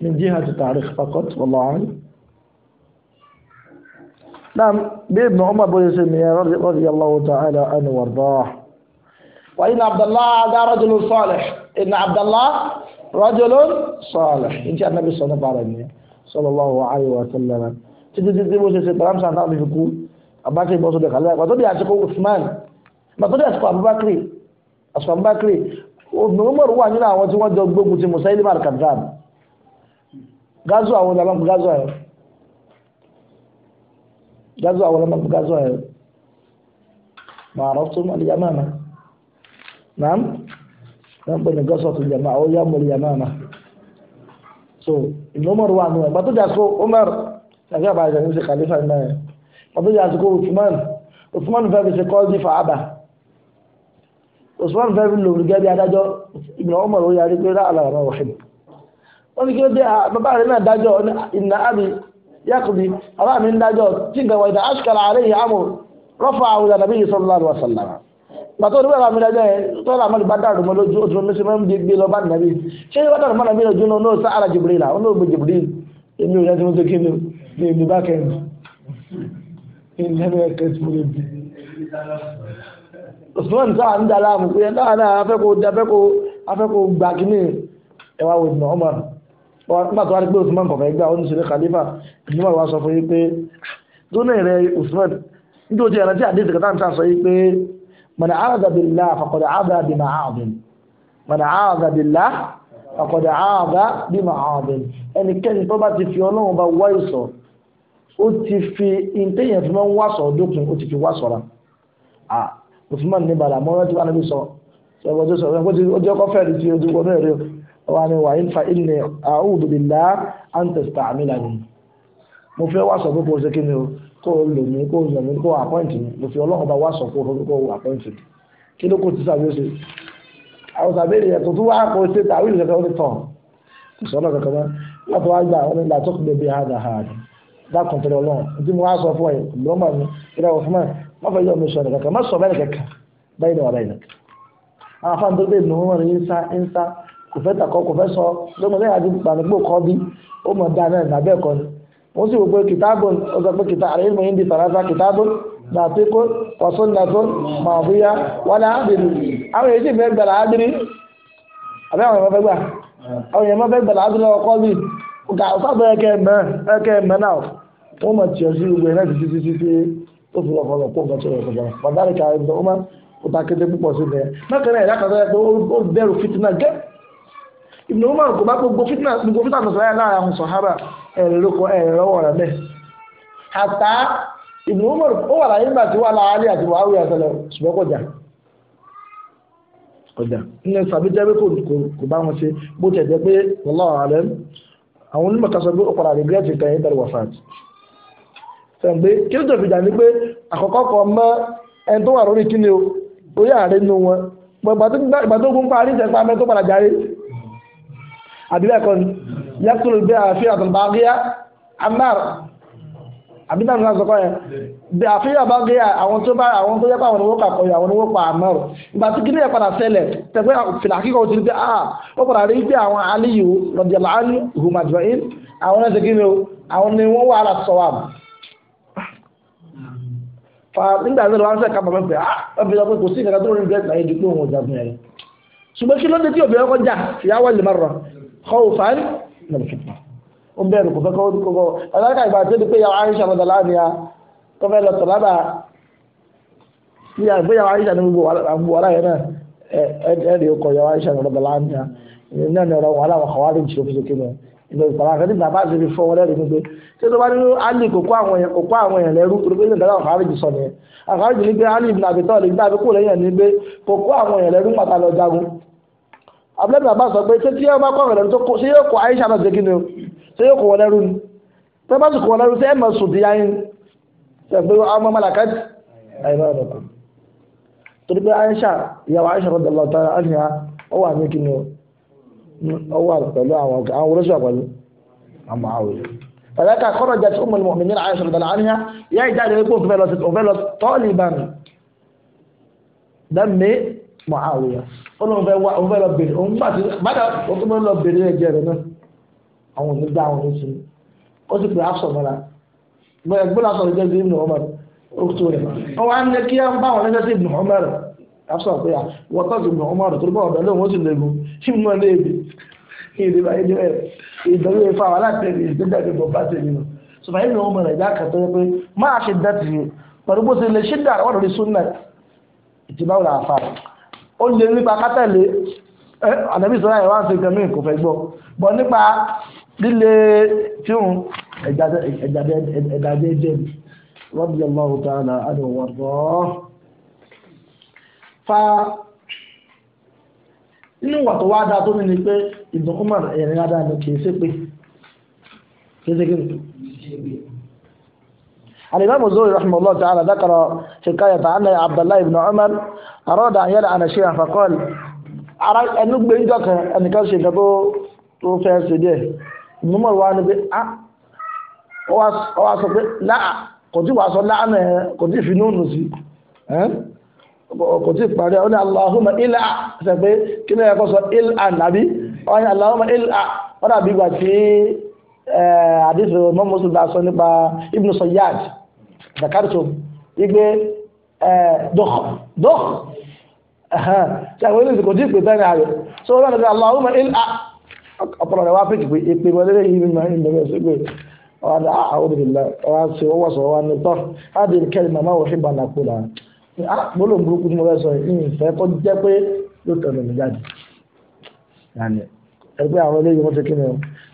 من جهة التاريخ فقط والله أعلم نعم بابن عمر بن سمية رضي الله تعالى عنه وارضاه وإن عبد الله هذا رجل صالح إن عبد الله رجل صالح إن شاء النبي صلى الله عليه وسلم صلى الله عليه وسلم تجد تجد bó ṣe ṣe bàrám sàn náà fi kú abákiri bọ́ sódò kàlẹ́ àgbà tó di àsìkò Usman àgbà tó di àsìkò Abubakar àsìkò Abubakar Ibn Umar wà nínú àwọn tí wọ́n jọ gbógun ti Musailima al-Kadhdhab gazu àwọn ọ̀nà àbámu gazu ayọ̀ gazu àwọn ọ̀nà àbámu gazu ayọ̀ màrọ̀ tó mọ̀ ní yamama naam wọ́n pè ní gazu ọ̀tún yamama ó yá mọ̀lì yamama so Ibn Umar wà nínú ẹ̀ pàtó jà sọ Umar tàbí àbájá ní sè khalifa náà pàtó jà sọ Uthman Uthman fẹ́ẹ́ fi ṣe kọ́ọ́dì fàábà. Usman fẹ́ lò rí gẹ́gẹ́ bí adájọ́ Ibn Umar ó yarí pé ráàlà ọ̀rọ̀ òhìn wọ́n ní kí ló dé bàbá rẹ̀ náà dájọ́ ìnà àmì yàkùbí bàbá mi ń dájọ́ tí nǹkan wọ̀nyí aṣkàlà àárẹ̀ yìí àmọ̀ rọ́fà àwọn ìlànà yìí sọ́lá àrùn àṣàlà pàtó ní bàbá mi dájọ́ yẹn tó làmọ́ lè bá dàrú mọ́ lójú oṣù mi sì máa ń gbé lọ bá nàbí ṣé wọ́n dàrú mọ́ nàbí lójú náà náà sáà Jibril àwọn náà gbé èmi ò yàtí mo tó kéde ní ìlú bá kẹrin ní ìlú bá kẹrin tí mo lè bí. Usman sáà ń dára mú pé náà náà afẹ́kọ̀ọ́ dábẹ́kọ̀ọ́ afẹ́kọ̀ọ́ gbà kíní ẹwà wò ìbùnà Umar nígbà tó wá ní pé Usman kọ̀ọ̀kan ìgbà ó ní ṣeré khalifa ìdí mọ̀ wá sọ fún yí pé dúnà ah, rẹ Usman nítorí ojú ẹ̀rọ tí àdéhùn kàtà ń tà sọ yí pé mọ̀nà àádàbìlá fàkọ̀dà àádàbìmà àádùn mọ̀nà àádàbìlá àkọ̀dà ààbá bí màáàbìn ẹnikẹ́ni tó bá ti fi ọlọ́run bá wá ìsọ̀ ó ti fi ìtẹ́yìn wá sọ̀ dókun ó ti fi wá sọ̀ra usman ní bàrà mọ́rán tí wọ́n níbi sọ ṣẹ́wọ́n tó sọ ó jẹ́ kó fẹ́ẹ̀rì tí ojú wọnú ẹ̀rẹ́ wa ni wàá fa ilẹ̀ a'udhu billahi an tasta'milani mo fẹ́ wá sọ pé kò ṣe kí ni o kó o lò mí kó o yàn mí kó o àpọ́ǹtì mi mo fi ọlọ́run bá wá sọ pé kó o àpọ́ǹtì mi kí ló kó ti sàbí ó ṣe àwọn sàbí ènìyàn tó tún wá kó o ṣe tàbí ìlú kankan ó ti tàn kò sọ́nà kankan mọ́ láti wá gbà wọn nígbà tó kù bẹ́ẹ̀ bí i hàdà hàdà dákùn tẹ̀lé ọlọ́run ojú mi wá sọ fún ẹ lọ́mọ mi má fẹ́ yọ omi sọ ẹ̀rẹ̀ kankan má sọ bẹ́ẹ̀ kankan báyìí ni wà báyìí nìkan. àwọn afáàn tó bẹ́ẹ̀ nù wọ́n rí nsá nsá kò fẹ́ takọ́ kò fẹ́ sọ lọ́mọdé àti gbàgbó kọ́ na ó mọ̀ dáa náà nàbẹ́ ẹ̀kọ́ ni wọ́n sì wò pé kìtàbùn ó sọ pé kìtà àrẹ ìmọ̀ ìdí sàrásà kìtàbùn nàfikún wàsúnnàtún màbúyá wàlá àdìrí àwọn èyí sì fẹ́ gbàlá àdìrí àbẹ́ àwọn èèyàn fẹ́ gbà àwọn èèyàn fẹ́ gbàlá àdìrí ọkọ bí ọ̀gá ọ̀sàbọ̀ ẹ̀kẹ́ ẹ̀mẹ́ ẹ̀kẹ́ ẹ̀mẹ́ náà wọ́n mọ̀ tiẹ̀ sí gbogbo ẹ̀ náà títí títí ó fi ọ̀pọ̀lọpọ̀ kó nǹkan tó yẹ kó jọra bàdáre ká ẹgbẹ́ ọmọ ó ta kété púpọ̀ sí bẹ́ẹ̀ mẹ́kànnà ẹ̀dá kan sọ́yà pé ó bẹ̀rù fitinà gẹ́ Ibn Umar kò bá gbogbo fitinà gbogbo fitinà tó sọ́yà láàrin àwọn sọ̀hábà ẹ̀rẹ̀ lóko ẹ̀rẹ̀ lọ́wọ́ rẹ̀ bẹ́ẹ̀ àtà Ibn Umar ó wà láyé nígbà tí wà láàárín àti wàhálì àtẹlẹ ṣùgbọ́n kọjá kọjá sẹ̀ǹgbé kí ló tòfìjà ni pé àkọ́kọ́ kan mọ́ ẹni tó wà lórí kíni o orí ààrẹ nu wọn pọ̀ ìgbà tó gún parí ìtẹ̀pá mẹ́ tó padà járe àbílẹ̀ kan yàtúrò bí àfihàn àtàlùbá gíyà amar àbílẹ̀ náà sọ̀kọ́ yẹn bí àfihàn bá gíyà àwọn tó bá àwọn tó yẹpa àwọn owó kàkọ́ yẹn àwọn owó pa amar ìgbà tí kíni yẹn padà ṣẹlẹ̀ tẹ̀pẹ́ fìlà ti di ah ó padà rí pé àwọn aliyu rọ̀dìyàlá ní hùmàjọ́yìn àwọn ẹ̀sẹ̀ kíni o àwọn ni wọ́n wà á nígbà tí wọ́n ń sẹ́ka bàbá pé ọbẹ̀ sọ pé kò sí ìkàkà tó rí bẹ́ẹ̀ láyé dípò òun ọ̀jà fún ẹ̀rẹ́ ṣùgbọ́n kí ló dé tí obìnrin kọjá fìyàwó lè má rọ kọ́wọ́ fàán nàìjíríà ó bẹ̀rù kò fẹ́ kọ́ orúkọ kọ́ ọ̀làkà ìgbà tó di pé yàwó àyíṣà mọ̀tà láàmìyà tó fẹ́ lọ tọ̀lábà pé yàwó àyíṣà ní gbogbo wàhálà yẹn náà ẹ̀ẹ́dì ọkọ̀ yàwó àyíṣà mọ̀tà láàmìyà ìbẹ̀rù pàrọ̀ àkàtì bàbá àti ibi fọ́ wọn lẹ́rìí ní pé ṣé tó bá ní Ali kò kó àwọn èèyàn kò kó àwọn èèyàn lẹ́rú torí pé ní ìdájọ́ àkàrẹ́jì sọ nìyẹn àkàrẹ́jì ní pé Ali ibn Abi Talib nígbà tó kó lẹ́yìn ní pé kò kó àwọn èèyàn lẹ́rú pàtà lọ jagun abúlẹ́bí bàbá sọ pé ṣé tí ẹ bá kó àwọn lẹ́rú tó kó ṣé yóò kó Aisha náà ṣe kí ni o ṣé yóò kó wọn lẹ́rú ni tó bá sì kó wọn lẹ́rú ṣé ẹ mọ̀ sùn di ayé ṣẹ̀gbẹ́ ọmọ malakati torí pé Aisha ìyàwó Aisha rọ̀dọ̀lọ́ta ọwọ́ pẹ̀lú àwọn ọ̀gá àwọn olóṣèlú àpẹ̀lú àmọ́ àwọn èèyàn. Fàdákà kọ́rọ̀ jẹ́ tí ó mọ̀lẹ́mọ̀ mi ní àyẹ̀sọ̀ ìdàlá àníyá yá ìjáde wípé òfin lọ sí òfin lọ tọ́ọ̀lì bá mi. Dẹ́mi mọ̀ àwọn èèyàn. Ó lóun fẹ́ wá òun fẹ́ lọ bèrè òun gbà tí bàtà ó tún lọ bèrè ẹ̀jẹ̀ rẹ̀ náà. Àwọn òní gbá àwọn oṣù. Ó sì pè áṣọ mọ́ra. Gbọ́dọ̀ gbọ́dọ̀ sọ̀rọ̀ jẹ́ sí Ibn Umar. Ó tó rẹ̀. Ó wá ń ní kí á ń bá àwọn ẹgbẹ́ sí Ibn Umar rẹ̀ afisa pé à wọ́n tó ti gbọ̀n ọmọ rẹ̀ tó bọ̀ ọ̀bẹ lóun ó sì lè gun kí mọ́ lé ebi kí èdè bá yẹjọ ẹ̀ ìdánwò ifá wa láti ẹ̀dẹ̀ ìgbẹ́jà ní bọ̀ bá tẹ̀lé lọ. sọfà yìí ni ọmọ rẹ̀ já kàtọ́ yẹ pé máa ṣe dá ti yẹ pẹ̀lú bó ṣe lè ṣe dà wọ́n lórí súnà ìtìbáwò là fà ó lè nípa kátàlé àdàbí sọ́ra ẹ̀ wá ń ṣe gẹ̀mí kò fẹ́ gbọ́ bọ̀ nípa líle tíhun ẹ̀dàdẹ́jẹ́ rọ́bì ọlọ́run tààlà adùn wọ̀rọ̀ fa inú ìwà tó wá da tó ní ni pé Ibn Umar ẹ̀rìn adá ni kì í ṣe pé kì í ṣe kéde. الإمام الزهري رحمه الله تعالى ذكر حكاية عن عبد الله بن عمر أراد أن يلعن شيئا فقال ara ẹnu gbé ń jọkàn ẹnìkan ṣe nǹkan tó fẹ́ ṣe díẹ̀ ìmúmọ̀ wa ni pé a ah! ọ wá sọ pé láà kò tí wàá sọ láà náà kò tí ì fi núùnù sí kò tí Onye parí ọ ní aláhùnmá ilà ṣe pé kí ni ẹ̀kọ́ sọ ilà nàbí ọ aláhùnmá ilà ọ dàbí ìgbà tí àdìsí ọmọ mùsùlùmí bá sọ nípa ibùdó sọ yáàdì igbe dọ́k ṣe àwọn ilé ìsìnkò tí ì ààrẹ so ọ ní aláhùnmá ilà ọpọlọ rẹ wá pé kìpé èpè wọlé Ah, gbọ́dọ̀ burúkú tí mo fẹ́ sọ yìí ìfẹ́ kọ́ jẹ́ pé yóò tẹ̀lé mi jáde yàní ẹgbẹ́ àwọn eléyìí wọ́n ti kí ni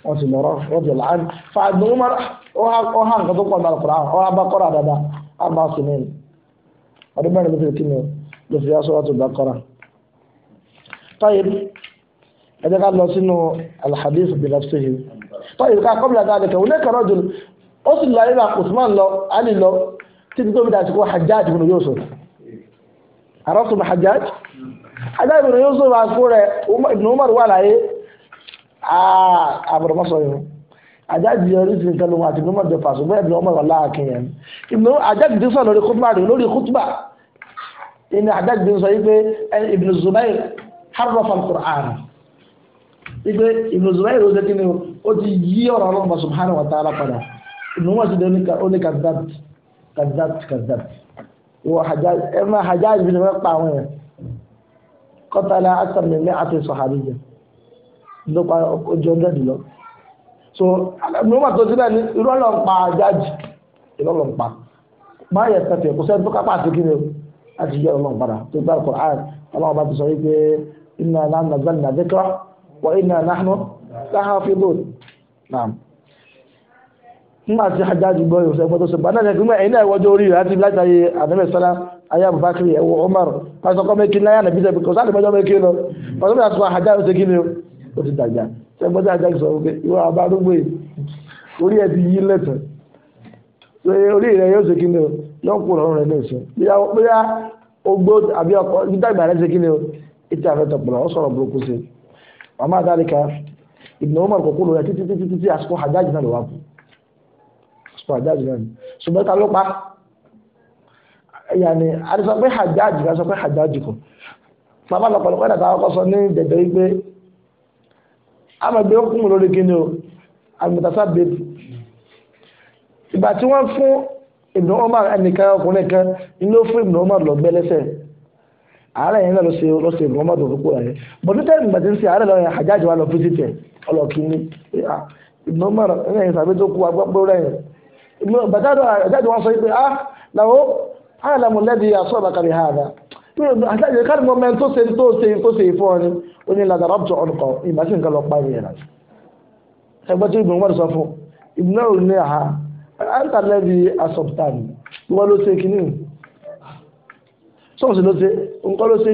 wọ́n ti lọ́rọ́ wọ́n ti lọ́rọ́ fàdùn mọ́ ọ hàn kan tó pọ̀ náà kúrò àwọn ọba kọ́ra dada àbá sùnmí ọdún mẹ́rin ló fi kí ni ló fi aṣọ àti ọba kọ́ra. tọ́yìn ẹ jẹ́ ká lọ sínú alhadith bilafsihi tọ́yìn ká kọ́bìlà dáadé kẹ́wọ́n ní kẹ́rọ́ jùlọ ó sì lọ ayélujára Usman lọ Ali lọ títí tó fi dàsí arọ́sùn hajjaj ajábìnrin yóò sọ̀rọ̀ àsìkò rẹ̀ ibn umar wà láyé ah, àbùrọ̀mọ́sọ yìí ajáde yọrí sí nǹkan lóhun àti ibn umar jọ pàṣẹ bẹ́ẹ̀ ibn umar wà láàkínyẹn ibn ajáde dín sọ̀rọ̀ lórí kútùbà rẹ̀ lórí kútùbà ìní ajáde dín sọ wípé ibn zubair harrafa al-qur'an wípé ibn zubair ó dẹ́kíní ó ti yí ọ̀rọ̀ ọlọ́run subhanahu wa ta'ala padà ibn umar ti dẹ́ wọ hajjaj ẹ máa hajjaj bí ni wọ́n pa àwọn yẹn kọ́tàlá àtàlẹ́lẹ́ àti sọ̀hárì yẹn ló pa ojú ọjọ́ so mọ́mọ́ tó ti bẹ́ẹ̀ ni irọ́ lọ ń pa hajjaj irọ́ lọ ń pa máa yẹ sẹ́fẹ̀ kò sẹ́ni tó kápá àti kí ni o láti yẹ ọlọ́run padà tó gbá ọkọ̀ ààrẹ ọlọ́run bá ti sọ wípé inna nahnu nazzalna dhikra wa inna nahnu lahu hafidun naam. nígbà tí hajjáde gbọ́ yóò sẹ́gbọ́n tó sọ̀bọ̀ náà ẹ̀gbọ́n ẹ̀yìn náà wọ́jọ́ orí rẹ̀ láti látàyè àdẹ́mẹ̀sọ́lá ayé abubakar ẹ̀wọ̀ Umar pásọkọ́ mẹ́kí náà yànnà bíṣẹ̀ kò sáà lẹ́gbẹ́jọ́ mẹ́kí lọ pásọkọ́ àti wọn hajjáde ṣe kí ni ó ti dàgbà sẹ́gbọ́n tí hajjáde sọ pé ìwọ àbá arúgbó yìí e. orí ẹ ti yí lẹ́tọ̀ orí rẹ̀ yóò ṣe kí ni yóò kúrò ọ̀run rẹ̀ ní bóyá ogbó àbí ọkọ dídàgbà ṣe kí ni ìtì sọ àjáde náà ni ṣùgbọ́n ta ló pa yàní àdìsọ pé àjáde kan sọ pé àjáde kù màmá lọ́pọ̀lọpọ̀ ẹ̀dá táwọn kọ́ sọ ní dẹ̀dẹ̀ wípé amagbe kún un lórí kíni o àmìtàsá bèbí ìgbà tí wọ́n fún Ibn Umar ẹnìkan ọkùnrin kan ló fún Ibn Umar lọ gbẹ́ lẹ́sẹ̀ ààrẹ yẹn lọ ṣe lọ ṣe Ibn Umar tó kúkú rẹ̀ bọ̀dún tẹ́lẹ̀ nígbà tí ń ṣe ààrẹ lọ́yìn àjáde wa lọ fi títẹ̀ ọlọ́kìnrin Ibn Umar ẹ̀yìn sàbí tó kú agbápẹ́ rẹ̀ bàtàdọ̀ wọn sọ pé ah làwọ́ àlàmù lẹ́bi àsọ̀rọ̀ kàbí hàdà àtàjẹ káàdì mọ mẹ tó ṣe tó ṣe tó ṣe fún ọ ni ó ní làdà rọ́pùtù ọ̀nùkọ̀ ìgbà tí nǹkan lọ pa ìyẹn rà ẹgbẹ́ tí ìgbìmọ̀ sọ fún ìgbìmọ̀ ò ní àhà àǹtà lẹ́bi àsọ̀tàn wọn ló ṣe kínní sọ́ọ̀sì ló ṣe nǹkan ló ṣe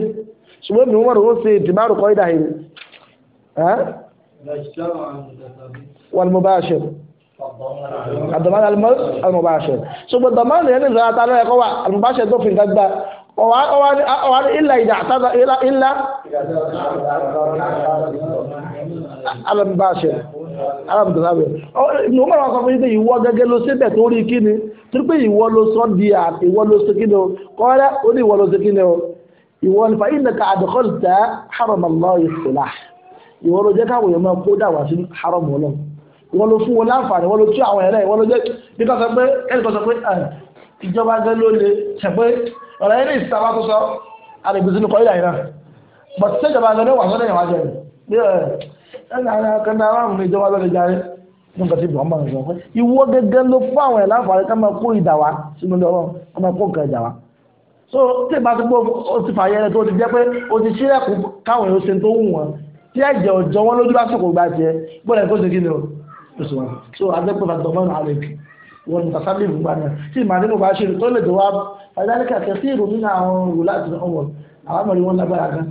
ṣùgbọ́n ìgbìmọ̀ ò ṣe ìdìbàrù kọ́ àdọ̀mọ́nà alimọ̀báṣẹ ṣùgbọ́n dọ̀mọ́nà يعني ní ìlú àtàlẹ́ ẹ̀kọ́ wa alimọ̀báṣẹ tó fi nǹkan gbà ọwọ́ ilà ìdá àtàdà ilà alimọ̀báṣẹ alamọ̀báṣẹ ní ọmọ àwọn akọ̀fẹ́ yìí ìwọ gẹ́gẹ́ ló síbẹ̀ tó rí kí ni torí pé ìwọ ló sọ di à ìwọ ló sí kí ni o kọ́lá ó ní ìwọ ló sí kí ni o ìwọ nípa ìnaka àdìkọ́lù tẹ́ haramallah ìfìlà ìwọ ló jẹ́ káwọn èèyàn máa kó dà sí haramallah wọ́n ló fún wọn láǹfààní wọ́n ló tú àwọn ẹ̀rẹ́ wọ́n ló jẹ́ bí kò sọ pé ẹnì kan sọ pé ah, ìjọba gẹ́ ló le ṣe pé ọ̀rọ̀ yẹn ní ìsìta wa tó sọ àrègbèsí ni kọ́lé àyìnà bọ̀t ṣé ìjọba gẹ́ ló wà sọ́dọ̀ ìwà jẹ́ bí ẹ̀ eh, ẹ̀rọ kan náà wà ní ìjọba lọ́dọ̀ járe ní nǹkan tí bọ̀ ọmọ rẹ̀ sọ pé ìwọ gẹ́gẹ́ ló fún àwọn ẹ̀rẹ́ láǹfààní ká máa kó ìdà wa sínú ilé ọlọ́run ká máa kó nǹkan ìdà wa so tí ìbá tó gbó o ti fàyẹ rẹ o ti ṣílẹ̀kùn káwọn èèyàn ṣe tó wù wọn lọ́sọ̀wọ́n so adẹ́pọ̀lá dọ̀mọ́n àlèkì wọn tàṣàlì ìgbà náà tí ìmàdé mo bá ṣe tó lè dọ̀wọ́ àdáríkà kẹsí ìròmí náà àwọn òwò láti ọwọ́ àwọn ọmọ ìwọ̀n lágbára gan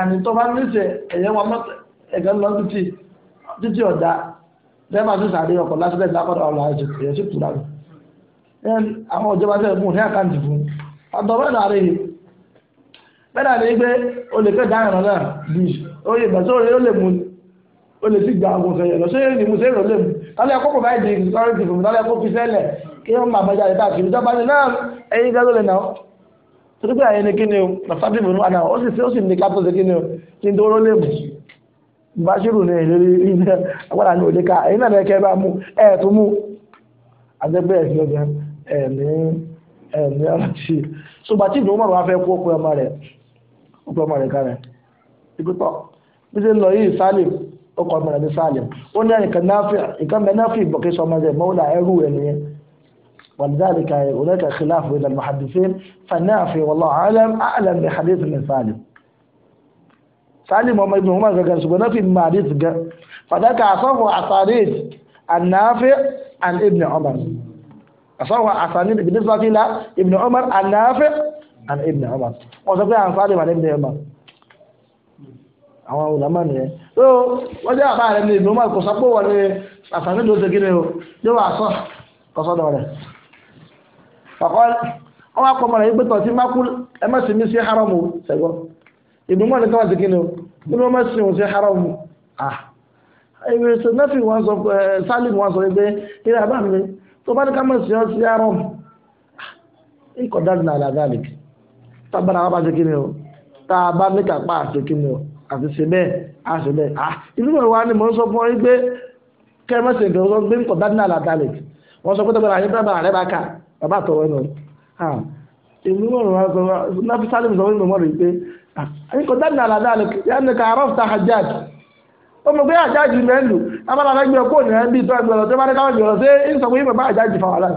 àní tó bá níṣẹ́ ẹ̀yẹ́ wọn ẹ̀gẹ́ lọ títí títí ọ̀dà lẹ́mà sí sàárè ọkọ̀ lásìlẹ̀ lápọ̀dọ̀ ọ̀la ẹ̀yẹ́ sì kúrà lọ. àwọn òjọba ṣe mú ní àkáǹtì fún àdọ̀mọ́n àrẹ yìí bẹ́ẹ̀ náà ní gbé olè ó lè sí gba àwọn òṣèyàn lọ́sẹ̀ ní mo ṣe é rọ̀lẹ́ mu tálẹ́ ẹ̀kọ́ kò báyìí di security fún mi tálẹ́ ẹ̀kọ́ fi sẹ́lẹ̀ kí wọ́n máa bàjá ìta àti ìjọba ní náà ẹ̀yin gẹ́gẹ́ lè náà torí pé àyẹ̀ni kí ni o nàfàbí fún wa náà ó sì ó sì ní kápẹ́ ṣe kí ni o kí n tó rọ́lẹ́ mu Bashiru ní ìlérí ilé agbára ní òde ká ẹ̀yin náà kẹ́ bá mú ẹ̀ tó mú àjẹgbẹ́ ẹ̀sìn ọ̀gá ẹ̀mí ẹ̀mí ọ̀rọ̀ sí i so bàtí ìdùnnú mọ̀rọ̀ wá fẹ́ kó ọkọ ọmọ rẹ̀ ọkọ ọmọ rẹ̀ kárẹ̀ ìpípọ̀ bí ṣe ń lọ yìí sálẹ̀ ó kọ́ ọmọ rẹ̀ ní Salim ó ní ẹnìkan náfíà ìkan bẹ náfíà ìbọ̀kẹ́ sọ ọmọ rẹ̀ mọ́wúlà ẹrú rẹ̀ nìyẹn ولذلك هناك خلاف بين المحدثين فالنافع والله أعلم أعلم بحديث من سالم سالم وما ابن عمر قال سبحانه في المعرض فذاك عصاه عصاريت النافع عن ابن عمر عصاه عصاريت بالنسبة إلى ابن عمر النافع عن ابن عمر وسبحانه عن سالم عن ابن عمر àwọn olùdámọ̀ nìyẹn tó wọ́n jẹ́ àbá rẹ̀ ní ìlú mọ́ kò sọ́pọ̀ wọ́n ní àfààní ló ṣe kíni o yóò wà sọ kọ́sọ́dọ̀ rẹ̀ ọ̀kọ́ wọ́n wá pọ̀ rẹ̀ yí pé tọ̀ tí mákú ẹ má sì mí sí haram o ṣẹ̀gbọ́n ìlú mọ́ ní káwọn ṣe kíni o ìlú mọ́ sì wọ́n sí haram o ah ìwé ṣe nẹ́fì wọn sọ sálìm wọn sọ pé ilé àbá mi tó bá ní ká mọ̀ sí ọ sí haram ìkọ̀dá ah, ní àlàdà lè tábàdà tá àti ṣe bẹ́ẹ̀ á ṣe bẹ́ẹ̀ á ah, inú ìwé wa ni mò ń sọ fún ọ pé kẹ́mẹ́sì ìgbà wọn gbé nǹkan dáná àlàdálẹ̀ wọ́n sọ pé tọ́gbọ́n àyè bàbá rẹ̀ bá kà bàbá àtọwọ́ ẹ̀ náà ah, inú ìwé wa sọ náà fi sálẹ̀ sọ fún ìmọ̀ rẹ̀ pé nǹkan ah, dáná àlàdálẹ̀ yẹn ni kàrọ́ ta hajjaj ó mọ̀ pé àjájì mẹ́lù abala rẹ̀ gbé ọkọ̀ nìyẹn bí ìtọ́ ìgbọ̀lọ̀ tó bá ní káwọn ìgbọ̀lọ̀ sí ń sọ pé bàbá àjájì fáwọn aláì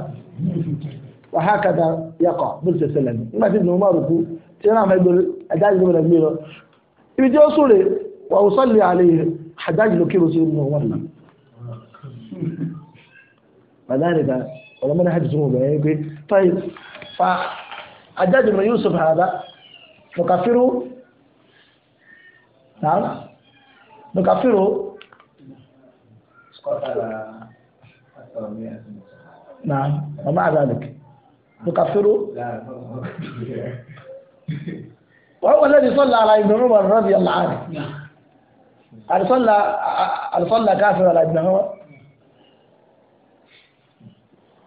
wàhákàdà yakọ̀ bó ti ṣẹlẹ̀ nígbà tí ìgbìmọ̀ rẹ̀ kú tí wọ́n náà ibi tí ó sùn rè wà ó sọ́ọ̀lì àlè àjájì ló kírun sí inú wọn náà. bàbá rẹ̀ bá ọ̀rọ̀ bẹ̀rẹ̀ pé tọ́yì fa àjájì mọ̀ Yusuf àdá mọ̀kàfírú náà mọ̀kàfírú. نعم ومع ذلك نكفره وهو الذي صلى على ابن عمر رضي الله عنه هل صلى هل صلى كافر على ابن عمر؟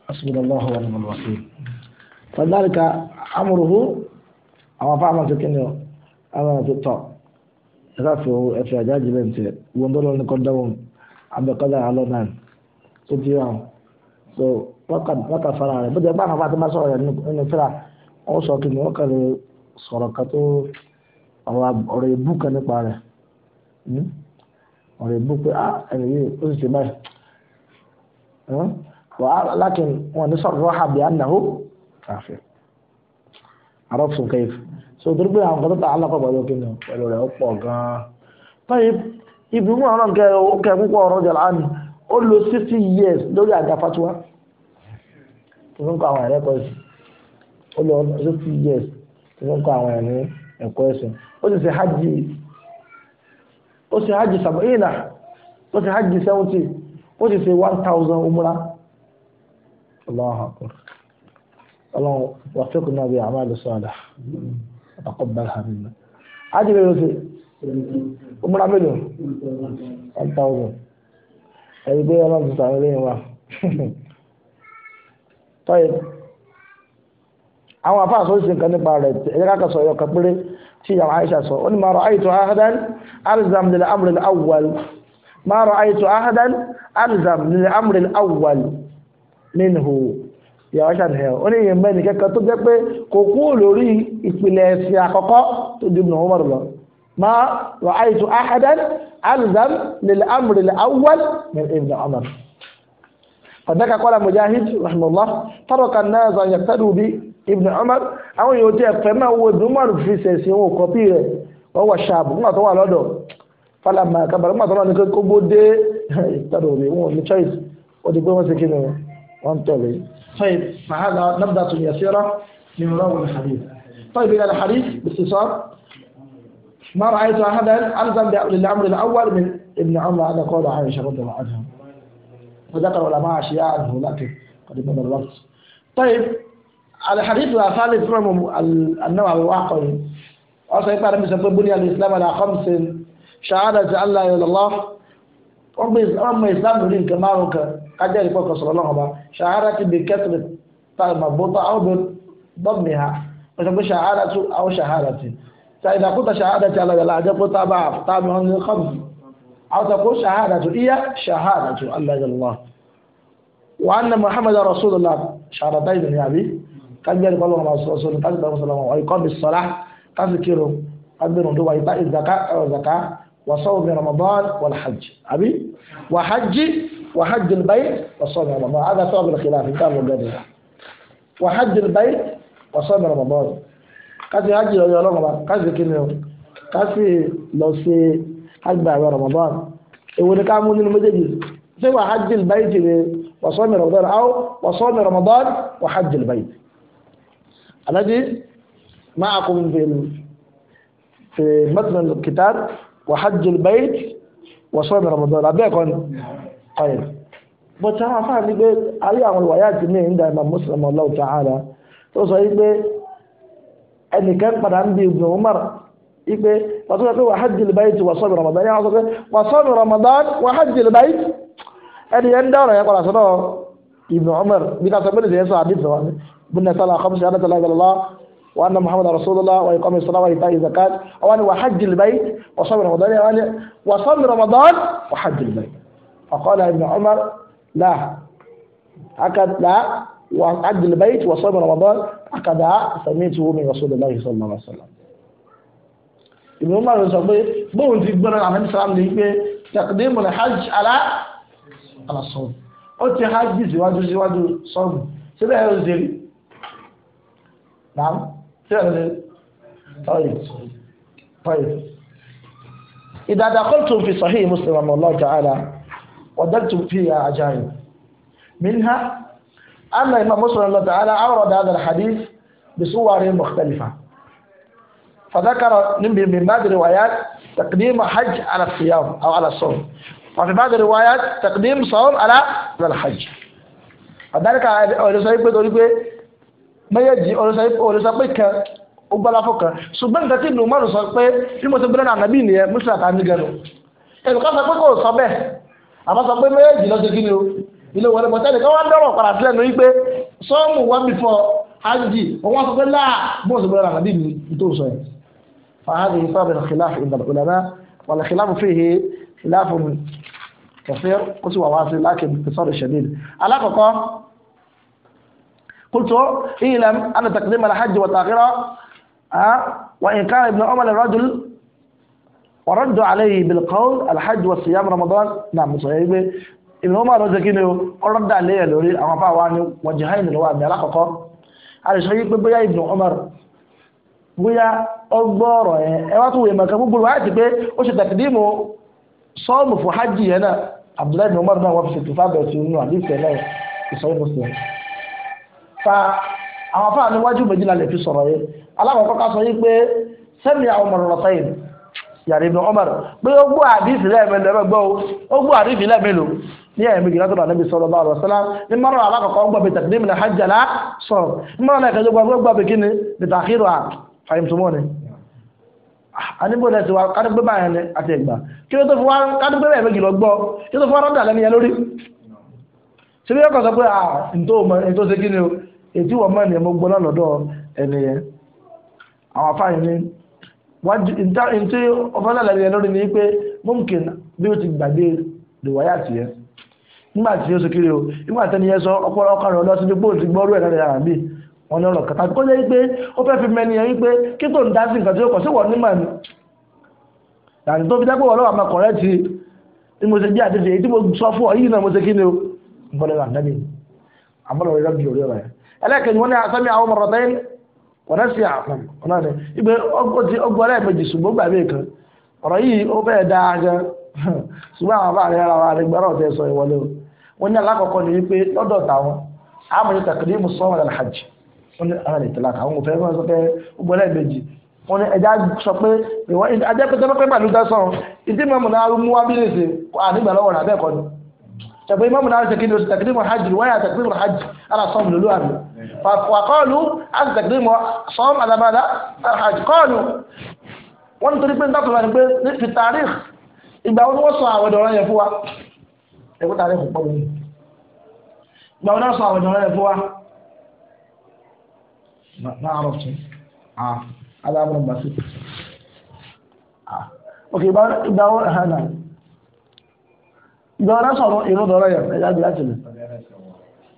حسبنا الله ونعم الوكيل فذلك امره او فاهم تكني انا تطا رفعه في اعداد بنت وانظروا ان قدمهم عبد القادر على نان تطيعهم so وقد وقد فرع بدي ما فاطمه صلى الله عليه وسلم فرع اوصى كلمه وقد sọ̀rọ̀ kan tó ọ̀rọ̀ ìbú kan nípa rẹ̀ hmm? ọ̀rọ̀ ìbú pé ah, ẹni yìí ó sì ṣe báyìí hmm? wà á lákin wọn ní sọ̀rọ̀ rọ́hà bí ànáwó káfíà àrọ́fún kẹ́yìf so torí pé àwọn kọ́tọ́ta alákọ̀ pẹ̀lú kí ni pẹ̀lú rẹ̀ ó pọ̀ gan-an táyì ibi mú àwọn kẹ kẹ púpọ̀ ọ̀rọ̀ jọ̀lá ni ó lo sixty years lórí àga fatuwa tó ń kọ àwọn ẹ̀rẹ́ kọ́ ó lo sixty years wọ́n kọ́ àwọn ẹ̀mí ẹ̀kọ́ ẹ̀sìn ó sì ṣe hajj ó ṣe hajj sàbẹ̀yìnà ó ṣe hajj seventy ó sì ṣe one thousand umra Allahu akbar ọlọ́run wàfẹ́kù náà bí àmà lè sọ̀dà àtàkọ́bàlá àmìnà hajj bẹ̀rẹ̀ ó ṣe umra mélòó one thousand ẹ̀yìn bẹ́ẹ̀ ọlọ́run ti sàrẹ́ lẹ́yìn wa tọ́yìn àwọn àfáà sọ sí nǹkan nípa rẹ̀ ẹ̀yẹ́ káka sọ ẹ̀yọ́ kan péré tí ìyàwó Aisha sọ ó ní ma ra'aytu ahadan alzam lil amr al awwal ma ra'aytu ahadan alzam lil amr al awwal minhu ìyàwó Aisha nìyẹn ó ní ìyẹn bẹ́ẹ̀ nìkẹ́ kan tó jẹ́ pé kò kú lórí ìpìlẹ̀ ẹ̀sìn àkọ́kọ́ tó di Ibn Umar lọ ma ra'aytu ahadan alzam lil amr awwal min Ibn Umar فذكر قال مجاهد رحمه الله ترك الناس ان يقتدوا به ibn umar àwọn èèyàn tẹ fẹ́ máa wo ibn umar fi sẹ̀sìn wọn kọ́pì rẹ̀ wọ́n wà ṣáàbù nígbà tó wà lọ́dọ̀ falama kábàlà nígbà tó wà ní kókó dé ìtàdọ̀ òní wọn ní choice ó di pé wọ́n ṣe kíni wọ́n tẹ̀lé. طيب فهذا نبذة يسيرة لمراوي الحديث طيب إلى الحديث باختصار ما رأيت أحدا ألزم للأمر الأول من ابن عمر هذا قول عائشة رضي الله عنها وذكر العلماء أشياء عنه لكن قد من الوقت طيب على حديث الثالث رقم النووي واقعي أصلا يبقى لم يسبب بني الإسلام على خمس شهادة أن لا إله إلا الله أم الإسلام يريد كمال كأجل فوق صلى الله عليه وسلم شهادة بكثرة المربوطة أو بضمها وتقول شهادة أو شهادة فإذا قلت شهادة على الله تقول تابع تابع خمس أو تقول شهادة هي شهادة أن لا إله إلا الله وأن محمد رسول الله شهادتين يا أبي kájẹ́rì kọ́ lọ́wọ́ sọ sọ ní kájẹ́rì kọ́ lọ́wọ́ wa ikọ́ bí sọ́lá káfí kírun agbẹ̀rún tó wà ìta ìzàká ọ̀zàká wà sọ́wọ́ bí ramadan wà hajj àbí wà hajj wà hajj báyìí wà sọ́wọ́ bí ramadan àgà sọ́wọ́ bí kìlá àfikà ló gẹ̀dẹ̀ wà hajj báyìí wà sọ́wọ́ bí ramadan káfí hajj lọ yọ ọlọ́wọ́ káfí kírun káfí lọ sí hajj àwẹ̀ ramadan èwo ká mú nínú méjèèjì ṣé hajj báyìí ti ni wà sọ́wọ́ bí ramadan wà sọ́wọ́ bí ramadan wà الذي معكم في في متن الكتاب وحج البيت وصوم رمضان أبيكم قيل but àwọn afáàní pé ayé àwọn ìwàyà àti ní ìdá ìmọ̀ mùsùlùmí ọlọ́wọ́ ta'ala tó sọ wípé ẹnìkan padà ń bí ibùdó umar wípé wàtí wọ́n pé wà hajj al-bayt wà sọ́ọ̀bì ramadan yẹn wọ́n sọ pé wà sọ́ọ̀bì ramadan wà hajj al-bayt ẹni yẹn dára yẹn padà sọ́dọ̀ ibùdó umar bí ká sọ pé nìyẹn sọ àdìsọ wa ni بنا صلى خمس شهادة لا إله إلا الله وأن محمد رسول الله وإقام الصلاة وإيتاء الزكاة وأن وحج البيت وصوم رمضان وأن وصوم رمضان وحج البيت فقال ابن عمر لا هكذا لا وحج البيت وصوم رمضان هكذا سمعته من رسول الله صلى الله عليه وسلم ابن عمر sọ pé bóun ti gbọ́dọ̀ àwọn islam ní pé taqdim al-hajj ala ala sawm ó ti hajj síwájú síwájú sawm síbẹ̀ ẹ̀ ń ṣe rí نعم فعل طيب طيب إذا دخلتم في صحيح مسلم رحمه الله تعالى وجدتم فيها عجائب منها أن الإمام مسلم الله تعالى عرض هذا الحديث بصور مختلفة فذكر من بعض الروايات تقديم حج على الصيام أو على الصوم وفي بعض الروايات تقديم صوم على الحج وذلك أولي صحيح méjèèjì olùsọ pé kan ó gbọ́lá fún kan ṣùgbọ́n nǹkan tí ìlú márùn sọ pé bí mo ti gbọ́dọ̀ náà nàbí nìyẹn mo sì rà tàbí gẹ̀rù ẹnìkan sọ pé kò sọ bẹ́ẹ̀ àmọ́ sọ pé méjèèjì lọ́sẹ̀ kí ni o ilé wọlé bọ̀ tẹ́lẹ̀ kí wọ́n dọ̀rọ̀ padà sílẹ̀ ní wípé sọ́ọ̀mù wọn bí fọ ájì wọ́n sọ pé láà bó ṣe gbọ́dọ̀ nàbí mi tó sọ yẹn. fàhádì ifá bẹ̀rẹ̀ kìláàfù ìdàgbà ìlànà wàlẹ̀ kìláàfù fèhè kìláàfù kẹfẹ́ kó sì wà wá sí láàkì قلت اعلم أن تقديم الحج وتأخيره وإن كان ابن عمر الرجل ورد عليه بالقول الحج والصيام رمضان نعم مصيبة ابن عمر رجل كنه ورد عليه لوري أما فاواني وجهين اللي هو أبن علاقة على شيء بيا ابن عمر بيا أكبر أواتو يما كم بقول وعدي بيه وش تقديمه صوم في حجي هنا عبد الله بن عمر ما وفي ستفاع بيتي منه حديث كنا مسلم fa àwọn afáà níwájú méjì la lè fi sọ̀rọ̀ yìí alákọ̀ọ́kọ́ ká sọ yìí pé sẹ́mi àwọn ọmọ rọ̀rọ̀ sẹ́yìn yàrá ibn Umar pé ó gbọ́ àdìsí lẹ́ẹ̀mẹ́lẹ́ gbọ́ ó gbọ́ àdìsí lẹ́ẹ̀mẹ́lò ní ẹ̀mí gíga tó dànù bí sọ̀rọ̀ bá ọ̀rọ̀ sọ́lá ní mọ́rọ̀ alákọ̀ọ́kọ́ gbọ́ bí tàbí mi hajj alá sọ̀rọ̀ mọ́rọ̀ náà kẹjọ gbọ́ bí kíni bí tàkírò à fàyìmtùmọ́ ni. àníbò ah, lẹ́sì wa kádùgbé báyẹn ni àti ẹ̀gbà kí ló tó fi wá kádùgbé bẹ́ẹ̀ méjì lọ gbọ́ kí ló tó fi wá rọ́dà lẹ́nu yẹn lórí. ṣé bí sọ pé à ah, ntó mọ ntó ṣe kíni o ètí wọ́n mẹ́rin mo gbọ́ lọ́dọ̀ ẹni yẹn àwọn afáyín ni wájú ntí ọ̀fọ́nà lẹ́yìn lórí ni pé mumkin bí o ti gbàgbé rìwáyà tiẹ̀ nígbà tí o sì kiri o nígbà tẹ́ni yẹn sọ ọpọlọ ọkọ rẹ lọ síbi bóòlù ti gbọ́ rú ẹ̀ lọ́dọ̀ yàrá bíi wọn ní ọ̀rọ̀ kan tàbí kó lè pé ó fẹ́ fi mẹ́ni yẹn wípé kí ń dá nǹkan tí ó kọ̀ sí wọ́n nímọ̀ ni yàtọ̀ tó fi jẹ́ pé wọ́n lọ́wọ́ àmọ́ kọ̀rẹ́ ti ní mo ṣe jẹ́ àtẹ̀jẹ́ èyí tí mo sọ fún ọ yìí náà mo ṣe kí ni o gbọ́dọ̀ rà nẹ́bi àmọ́ lọ́wọ́ ìrọ́bì orí ọ̀rọ̀ yẹn ẹlẹ́kẹ̀ẹ́ wọn ni asami àwọn ọmọ rọ̀tẹ́yìn wọn náà sì àfọ̀n ọ̀nà rẹ̀ ìgbé ọgbọ́n ẹlẹ́ẹ̀mejì ṣùgbọ́n gbà mí kan ọ̀rọ̀ yìí ó bẹ́ẹ̀ dáa gan ṣùgbọ́n àwọn afáàrẹ̀ ara wa rẹ̀ gbẹ́rọ̀ tẹ́ sọ ìwọlé o wọn ní alákọ̀ọ́kọ́ ni wípé lọ́dọ̀ táwọn àmọ̀yé takiri musamman alhaji wọn ní ara ìtìlá kan àwọn òfin sọ pé ọgbọ́n ẹlẹ́ẹ̀mejì wọn ní ẹja tẹ̀bọ́ imọ́mù náà ṣe kí ni oṣù tẹ̀kírímọ̀ hajj wáyà tẹ̀kírímọ̀ hajj ala sọ́ọ̀mù lulú àmì wàkọ́ọ̀lù àti tẹ̀kírímọ̀ sọ́ọ̀mù àdàbàdà hajj kọ́ọ̀lù wọ́n ń torí pé nígbà tó wà ní pé fi tàríx ìgbà wọn wọ́n sọ àwọn ọ̀dọ̀rọ̀ yẹn fún wa ẹ̀kú tàríx pọ̀ wọn ìgbà wọn sọ àwọn ọ̀dọ̀rọ̀ yẹn fún wa na tún ah alábọ̀ gbàsí ah ok ìgbà wọn ìdọ̀rẹ́ sọ̀rọ̀ ìrún dọ̀rọ̀ yẹn ẹ̀dá gbìlá ti lè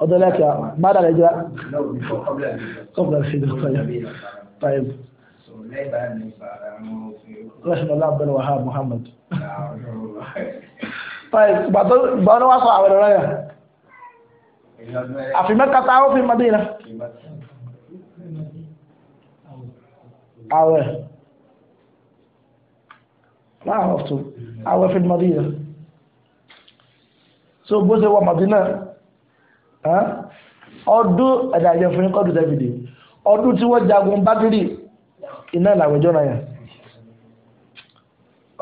ọdún lẹ́kẹ̀ mádà so bó ṣe wọ Madina ọdún ẹ̀dá ìjẹun fún kọ́dù dẹ́bìdì ọdún tí wọ́n jagun bákìrì iná làwẹ̀jọ́ náà yà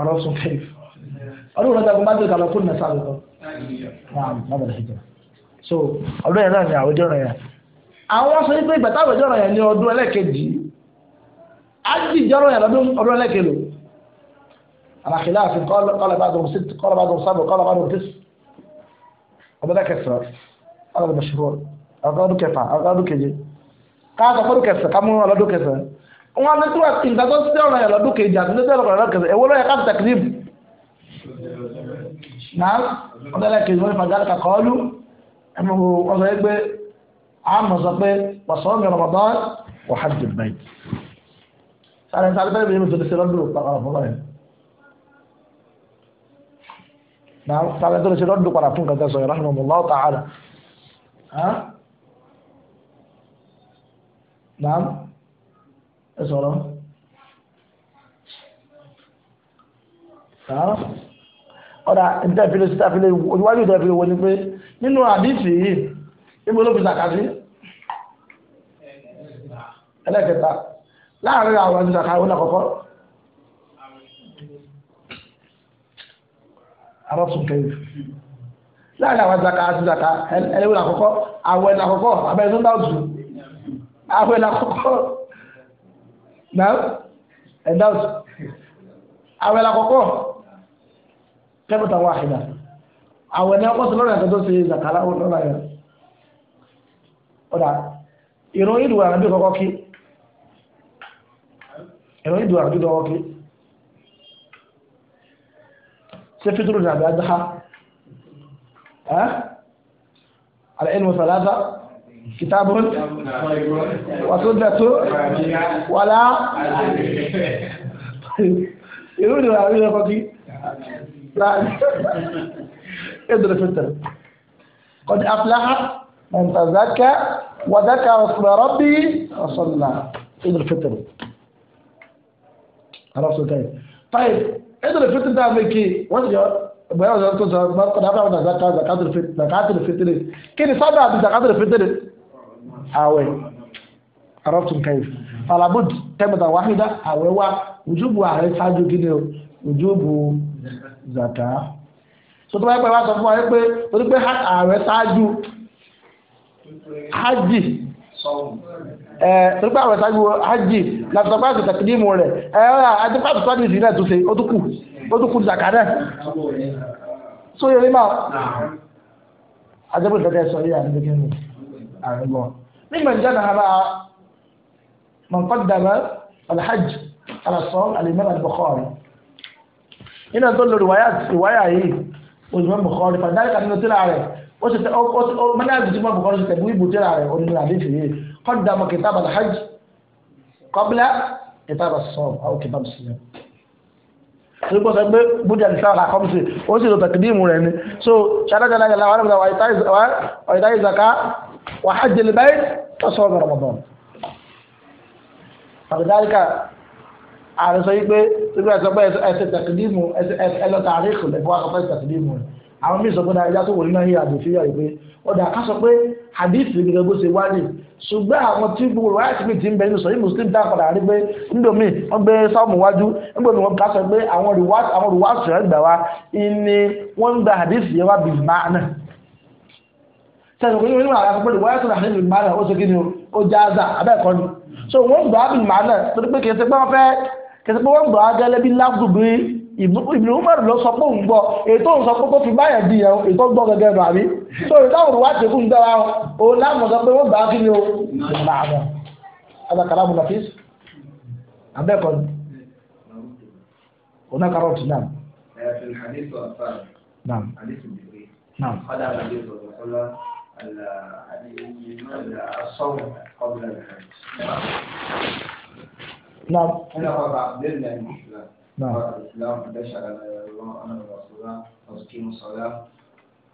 ọ̀rọ̀ sùn fẹ́ẹ̀ ọdún wọn jagun bákìrì kàlọ́ kún nàṣà lọ́wọ́ so ọdún yẹn náà ni àwẹ̀jọ́ náà yà àwọn sọ wípé ìgbà táwẹ̀jọ́ náà yà ní ọdún ẹlẹ́kẹ̀jì ajijọ́rọ̀ yà lọ́dún ọdún ẹlẹ́kẹ̀lò àlàkìlá àfi kọ́lọ̀ bá dùn sí kọ́lọ̀ bá dùn sábà kọ́lọ̀ bá dùn tẹ̀sí ọdún kẹsàn án ọdún mẹsùrọ ọdún kẹfà ọdún keje káàkó ọdún kẹsàn kámú ọlọdún kẹsàn wọn á lẹsùn àti ìdájọ́ sí ọ̀rọ̀ yẹn lọdún keje àti lẹsùn ọ̀rọ̀ lọdún kẹsàn èwo ló yẹ ká tẹkílìm náà ọdún ẹlẹkẹjì wọn fà gálẹ kakọ ọlú ẹnu ọsọ yẹ pé àmọ́ sọ pé wàsàn mi rọmọdọ wàhálì jù bẹ́ẹ̀ sáré sáré bẹ́ẹ̀ bí mi tó ti ṣe lọdún ọ̀pọ̀ ọ̀rọ̀ fọlọ yẹn. tàbí tó lè ṣe lọ́dún padà fún kàtà sọ̀rọ̀ rahimahullah ta'ala naam ẹ sọ̀rọ̀ sàárọ̀ ọ̀dà ìdáfilé sítáfilé oníwájú ìdáfilé wọ́n ni pé nínú àdìsí yìí níbo ló fi sàkàtì ẹlẹ́kẹta láàrin àwọn àti sàkàtì wọn àkọ́kọ́. arọ́tún kẹ́yìn láàrin àwọn zaka àti zaka ẹlẹ́wọ̀n àkọ́kọ́ àwẹ̀ ní àkọ́kọ́ abẹ́rẹ́ tó ń dáwọ̀ tù àwẹ̀ ní àkọ́kọ́ náà ẹ̀dáwọ̀ tù àwẹ̀ ní àkọ́kọ́ kẹ́pẹ̀tà wà àhìdá àwẹ̀ ní ọkọ̀ tó lọ́rọ̀ ẹ̀kọ́ tó ṣe zaka lọ́rọ̀ ẹ̀ ọ̀dà ìròyìn ìdùwà àbí kọ́kọ́ kí ìròyìn ìdùwà àbí kọ́kọ́ kí سيفيدرو جاب أدخا أه على إنه ثلاثة كتاب وسنة ولا يقول له يا أخي لا ادرس انت قد افلح من تزكى وذكر اسم ربي وصلى ادرس انت عرفت طيب, طيب. ẹ̀dọ̀lẹ̀ fitiri tá a fẹ́ kí wọ́n ti yọ ẹgbẹ́ ọ̀sán tó sọ ọ̀dà fún àwọn àgbàkà zakatul fitiri kí ni sábà àti zakatul fitiri àwẹ̀ arọ́tún kẹyìn falabud tẹ́gbẹ̀ta wáhídá àwẹ̀ wá ojúbù ààrẹ ṣáájú kí ni ojúbù zaka so tó bá pẹ́ wá sọ fún wa pé torí pé ààrẹ ṣáájú hajj torípé àwọn ìsájú hajj láti sọ pé àti tàkìdímù rẹ̀ àti pàtó sábì sí náà tó ṣe ó tó kù ó tó kù zàkà náà so yẹ nígbà àjẹbù ìfẹ́kẹ́ sọ yìí àti ìfẹ́kẹ́ àrùn gbọ́ nígbà ìjà náà bá mọ̀nkọ́dàbẹ̀ alhajj alasọ́ alimẹ́rẹ́ albukhari nínú tó lórí ìwáyà yìí olùmọ̀ bukhari fàdáyé kan nínú tíra rẹ̀ ó sì tẹ́ ó mẹ́lẹ́ قدم كتاب الحج قبل كتاب الصوم أو كتاب الصيام sọ́kò sọ pé bújà ní sáà kọ́ sí ó sì lọ tàkìdíìmù rẹ̀ ni so ṣàdájà náà gàlá wà nígbà wà ìtàyè zaka wà hajj lè báyìí tó sọ ọmọ ramadan àbùdáríkà ààrẹ sọ yìí pé sígbà sọ pé ẹsẹ tàkìdíìmù ẹlọta àríkù lẹfọ àkọsọ tàkìdíìmù rẹ àwọn míì sọ pé náà ẹjá tó wò nínú ayé àdòfíà yìí pé ọ̀dà ká sọ pé hadith gẹ́gẹ́ bó ṣe wá ní ṣùgbọ́n àwọn tí gbogbo wáyà tí mi ti ń bẹ ní sọ̀yìn muslim dá padà rí pé nídomi wọ́n gbé sáàmù wájú nígbà tí wọ́n ká sọ pé àwọn rìwáṣì rẹ̀ gbà wá ni wọ́n ń gba hadith yẹn wá bí máàna sẹ́yìn òkú nínú àwọn akọ́kọ́ rìwáyà tó hadith bí máàna ó ṣe kí ni ó já àzà abẹ́ẹ̀kọ́ ni so wọ́n gbà á bí máàna torí pé kì í ṣe pé Ibn Umar ló sọ pé òun gbọ́ ètò òun sọ pé kó fi báyà di yẹn ètò gbọ́ gẹ́gẹ́ bà mí so ètò àwọn olùwà tẹ̀kù ń dára o láàmú sọ pé wọ́n bá kí ni o bá a mọ̀ abakala mu nàfíìsì abẹ́ẹ̀kọ́ ni ona karọ́ọ̀tì náà. Naam. Naam. Naam. Naam. الإسلام ليس على الله أن الرسول ويقيم الصلاة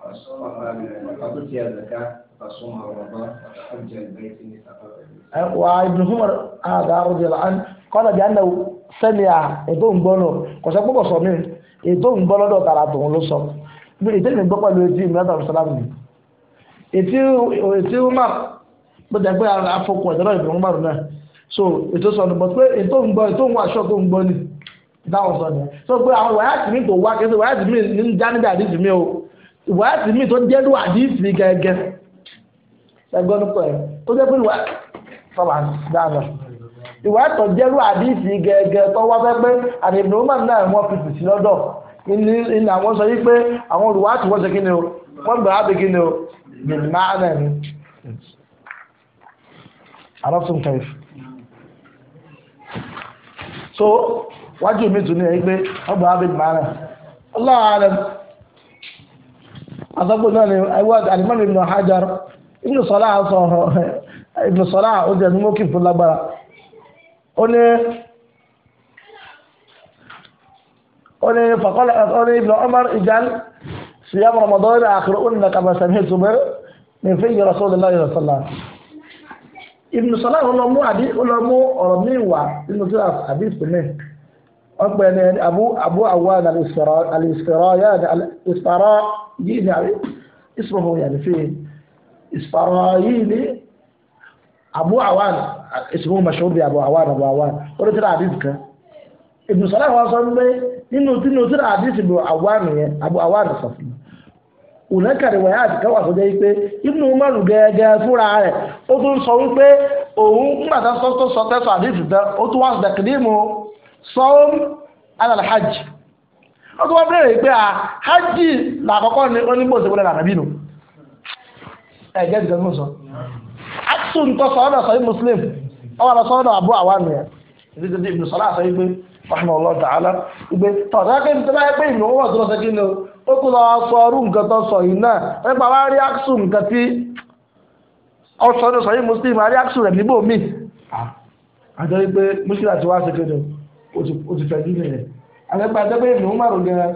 ويصوم ويؤتي الزكاة ويصوم رمضان ويحج البيت إن استطاع وابن عمر هذا رضي الله عنه قال بأنه sẹ́mìà ètò ń gbọ́ náà kò sọ púpọ̀ sọ mí ètò ń gbọ́ lọ́dọ̀ tààrà tòun ló sọ bí ètò ìgbọ́ pẹ̀lú etí ìmúlẹ́tà ìsàlámù ni ètí ètí umar bó jẹ́ pé afọkùn ẹ̀dọ́rọ̀ ìbí umar náà so ètò sọ ní bọ́ pé ètò ń gbọ́ ètò ń wọ aṣọ tó ń gbọ́ ni dáhùn sọ ni so pé àwọn wáyàtì mi tó wá kẹsì wáyàtì mi ń já níbi àdìsí mi o wáyàtì mi tó jẹ́rú àdìsí gẹ́gẹ́ ẹgbẹ́ nípa ẹ̀ tó jẹ́ pé ìwà sọ̀rọ̀ dáadáa ìwà ẹ̀tọ́ jẹ́rú àdìsí gẹ́gẹ́ tó wá fẹ́ pé àdìbò máa náà wọ́n fi tìsí lọ́dọ̀ ní àwọn sọ yìí pé àwọn olùwàtí wọ́n ṣe kí ni o wọ́n gbà á bí kí ni o bìnnánà ni. arọ́sùn kẹfì. so wájú mi tún ní ẹ pé ọgbà abid mara Allahu alam àsọgbó náà ni alimami ibn hajar ibn salah sọ̀rọ̀ ibn salah ó jẹ mọ́kì fún lágbára ó ní ó ní fàkọ́lá ó ní ibn umar ijan siyam ramadan àkìrò ó ní nàkàbà sàmì tùmẹ́rẹ́ ní fi yẹ rasulillah yẹ rasulillah ibn salah ó lọ mú ọ̀rọ̀ mi wà nínú tí a àbí ìpínlẹ̀. ọgbẹ́ ẹni abu abu awan al-isfara yáni al ni ismuhu yàní fi isfara yìí ni abu awan ismuhu mashhur bi abu awan abu awan ó lè tẹ́lá àdìsí Ibn Salah wa sọ pé nínú tí nínú tí ra awan abu awan sọ wípé òun sọ́ọ́m alàlá hajj ó tún wá bẹ̀rẹ̀ pé ah, hajj làkọ́kọ́ ni ó ní bó ṣe wọlé lànà bínú ẹ̀ jẹ́ ìdíkan mú sọ àtúntò nǹkan sọ́ọ́dọ̀ sọ́yí muslim ọwọ́ lọ sọ́ọ́dọ̀ àbú ibùdó yìí pé ìgbé tó lọ kí ni ó lọ sọ ọrú nǹkan tó sọ yìí náà wá rí nǹkan tí muslim rí rẹ̀ níbò ah, ó ti fẹ́jú nìyẹn àgbẹ̀gbẹ̀ àtẹ́gbẹ́ ìlú márù gan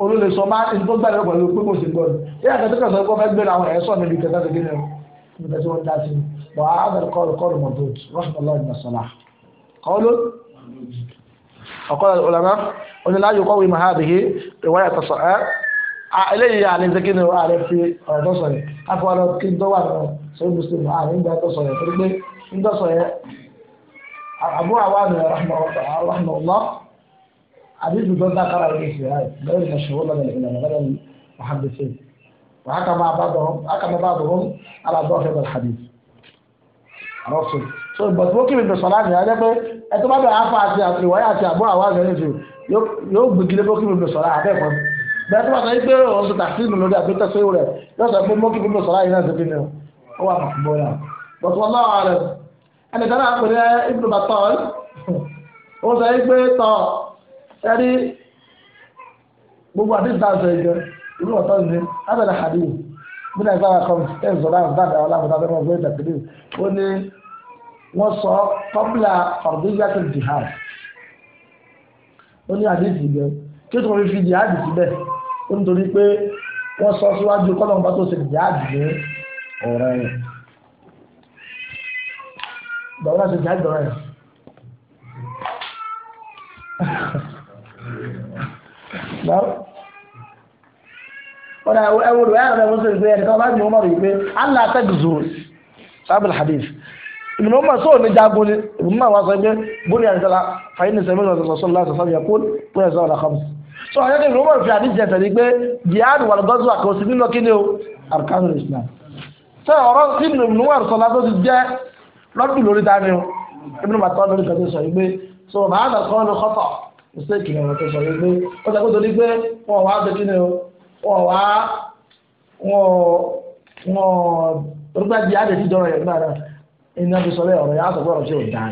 olólè sọ máa ń tó gbàdúrà pẹ̀lú pé kò sí gbọ́dọ̀ yíyá àtẹ́tẹ́ kan sọ pé fẹ́ gbéra àwọn ẹ̀sọ́ níbi kẹta tó kéde níbi kẹta wọn dá sí i wà á bẹ̀rẹ̀ kọ́ọ̀lù kọ́ọ̀lù mọ̀tòt rahmatullahi nasala kọ́ọ̀lù ọ̀kọ́ ọ̀làmá oníláyò kọ́wé mahabihi ìwáyà tọ̀sọ̀ ẹ́ eléyìí àní ṣe kí ni ààrẹ أبو عوان رحمه الله رحمه الله حديث بدون قرأ الإجتهاد غير مشهور لدى العلماء غير المحدثين وحكم بعضهم حكم بعضهم على ضعف هذا الحديث رسول so but working in the salam yà jẹ́ pé ẹtọ́ bá bẹ̀ afa àti àtìwáyé àti àbú àwọn àgbẹ̀ nìjú yóò gbégilé working with the salam abẹ́ẹ̀kọ́ bẹ́ẹ̀ tó bá sọ pé òun sọ tàkìlì lórí àti tẹ́sí rẹ̀ yóò sọ pé working with the salam yìí náà ṣe bí ni ó wà màkúbọ́ yà but wọ́n náà ẹnìkan náà pè ní Ibn Battal ó sọ yìí pé tọ ẹni gbogbo àdéhùn tá a sọ ìjọ Ibn Battal ní abẹ́rẹ́ hadith bí náà ìfọwọ́ kan ẹ̀ ń sọ láàrín dáadáa ọlọ́mọdé abẹ́rẹ́ ọgbẹ́ ìtàkìlì ó ní wọ́n sọ qabla fardiyyat al-jihad ó ní àdéhùn ìjọ kí tó fi jihad síbẹ̀ ó nítorí pé wọ́n sọ síwájú kọ́lọ́mọba tó ṣe jihad ní ọ̀rẹ́ yẹn gbàgbọ́ láti jẹ́ àgbọ̀rọ̀ yẹn. wọ́n ẹ wo ìwé àrẹ wọ́n sọ ìgbé ẹni kan bá ní ọmọ rẹ̀ ìgbé allah tẹ́gùzù sábàl hadith ìmìnira ọmọ sọ̀rọ̀ ní jagun ni ìmìnira wọn sọ pé bóni àdìsọ́lá fàyín ní sẹ́mi lọ́sọ̀ lọ́sọ̀ lọ́sọ̀ sọ́mi yẹ kún bóni àdìsọ́lá lọ́sọ̀ kọ́mù. sọ wọn yẹ ìmìnira ọmọ fi àdìsẹ́ tẹ̀lé pé jihad wà lọ́gọ́sọ̀ àkọsí nínú kí ni o arkanu islam. sọ ọ̀rọ̀ sí ìmìnira ọmọ sọ̀rọ̀ lọ́dún lórí dání o Ibn Battal lórí kan tó sọ yìí pé so màá nà kọ́ ọ́ ní kọ́tọ̀ mistake ni wọ́n tó sọ yìí pé ó sọ pé torí pé wọ́n wá bẹ́ẹ̀ kí ni o wọ́n wá wọ́n wọ́n orúkọ jihad ti dọ̀rọ̀ yẹn gbára iná fi sọ bẹ́ẹ̀ ọ̀rọ̀ yẹn á sọ pé ọ̀rọ̀ tí ò dáa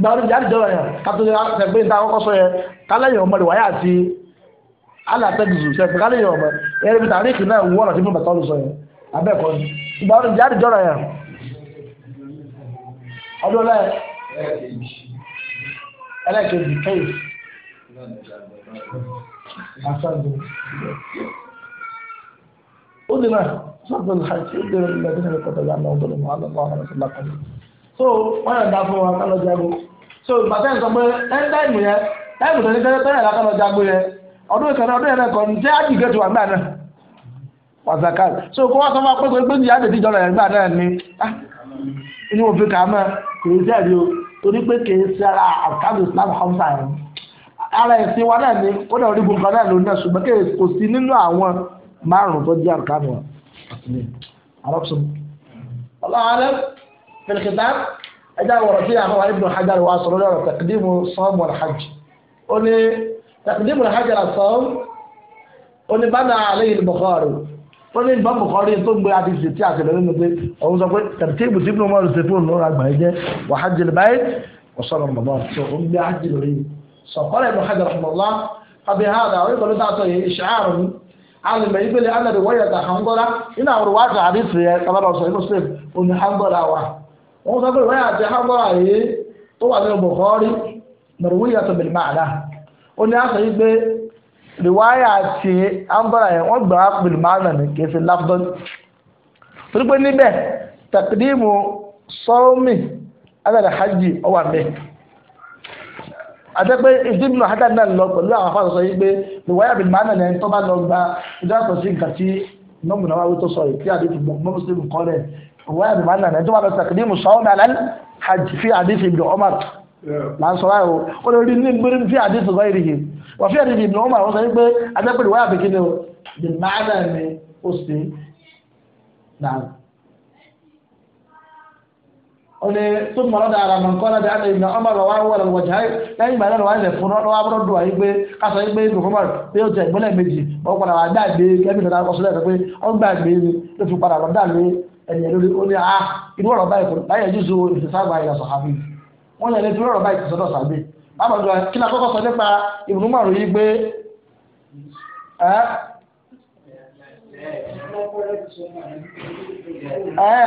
gba orúkọ jihad dọ̀rọ̀ yẹn kátó ní àtẹ̀gbẹ́ níta kọ́kọ́ sọ yẹn kálẹ̀yìn ọmọ ìwáyà àti alàtẹ̀gùsù sẹ́fẹ̀ kálẹ̀yìn ọmọ ẹ̀rẹ́bìtà àríkì náà wọ́n ọ̀rọ̀ tí mo bàtọ́ lù sọ yẹn abẹ́ẹ̀kọ́ ni gba orúkọ jihad dọ̀rọ̀ yẹn ọdún lẹ́yìn ẹlẹ́kẹ̀ẹ́jì kẹ́yì asadu udina sọ́dún hajj udina lẹ́dí ní kọ́tà yà náà ọdún mọ́ àlọ́ ọ̀hún ọ̀sán lápá ní. so wọ́n yàn dá fún wa kálọ̀ jágbó so bàtẹ́ sọ pé ẹni táìmù yẹn táìmù tó ní tẹ́lẹ̀ tẹ́lẹ̀ lá kálọ̀ jágbó yẹn ọdún ìkànnì ọdún yẹn kọ́ njẹ́ àdìgẹ́ tó wà gbà náà wàzàkàl so kó wọ́n sọ fún wa pé pé gbé kìí sẹ́ẹ̀rí o torí pé kìí sẹ́ra àkàdù islam hamsa ẹ̀ ara ẹ̀sìn wa náà ni ó dẹ̀ orí gbogbo náà lónìí ṣùgbọ́n kìí kò sí nínú àwọn márùn-ún tó jẹ́ àkàdù wa arọ́pùsùn. ọlọ́run fìlìkìtà ẹja wọ̀rọ̀ sí àwọn ibùdó hajj wa sọ̀rọ̀ lọ́rọ̀ tẹ̀kídìmù sọ́ọ̀mù alhajj ó ní tẹ̀kídìmù alhajj tọ́lé ìbá bùkọ́rí tó gbé àdìsí tí a tẹ̀lé nínú pé òun sọ pé tẹ̀tíìbù tí mo máa ṣe fóònù náà àgbà ẹ̀jẹ̀ wà á jẹ báyìí wọ́n sọ̀rọ̀ bàbá tó ń gbé á jẹ lórí sọ̀kọ́rẹ́ ibn hajar rahimahullah àbí hàdà àwọn ìkọlù tá a sọ yìí ìṣàárọ̀ mi alùmọ̀ yìí pé alẹ́ rẹ̀ wáyà hàngọ́lá iná àwọn wájà àdìsí yẹn kábàlọ̀ sọ inú sèf omi hàngọ́lá wa wọ́n sọ pé wáyà àti hàngọ́lá yìí tó wà ní bùkọ́rí mẹ̀rùwíyà bẹ̀rẹ̀ máa dá ó àṣà yìí pé rìwáyà ti ambara yẹn wọ́n gbà á pẹ̀lú mánà ní kìí ṣe láfdọ́n torí pé níbẹ̀ tàkìdímù sọ́ọ́mì alẹ́ hajj ọwà mẹ́ àtẹ́pẹ́ ìdíbìnà hajj náà lọ pẹ̀lú àwọn afáàlọ́ sọ yìí pé rìwáyà pẹ̀lú mánà ní tó bá lọ gba ìdáàtọ̀ sí nǹkan tí mọ́mù náà wáwí tó sọ yìí tí àdéhùn mọ́ mùsùlùmí kọ́lẹ̀ rìwáyà pẹ̀lú mánà ní tó lọ tàkìdímù sọ́ọ́mì alẹ́ hajj fi àdéhùn ibn Umar na ń sọ báyìí na ó ndị rí ní gbérí fi àdìsí lọ ìrìhì fi àdìsí ìbìnà sọ pé waya wáyà bìkí ni o the na ni ó sì dáa. na. ní tó mọ̀rọ̀ dára mọ̀ nǹkan náà dáa ìbìnà ọmọ rẹ̀ wá wọ̀ lọ wọ̀jà lẹ́yìn ìgbà náà wà lẹ̀ fún ọ́ wá bọ́dọ̀ wáyé pé kásọ yìí pé ìdùnkún mọ̀ pé ó jẹ ìgbọ́lẹ̀ méjì wọ́n padà wà dáàgbé kẹ́mí ìdọ̀dá kọ sílẹ̀ pé ó gbàgbé ni ló fi padà lọ dáàgbé ẹ̀yẹ lórí wọ́n yẹn lè dúró ọ̀rọ̀ báyìí ti sọ́dọ̀ sàbí bábàdúrà kí ni akọ́kọ́ sọ nípa ìbùnú márùn yìí gbé ẹ ẹ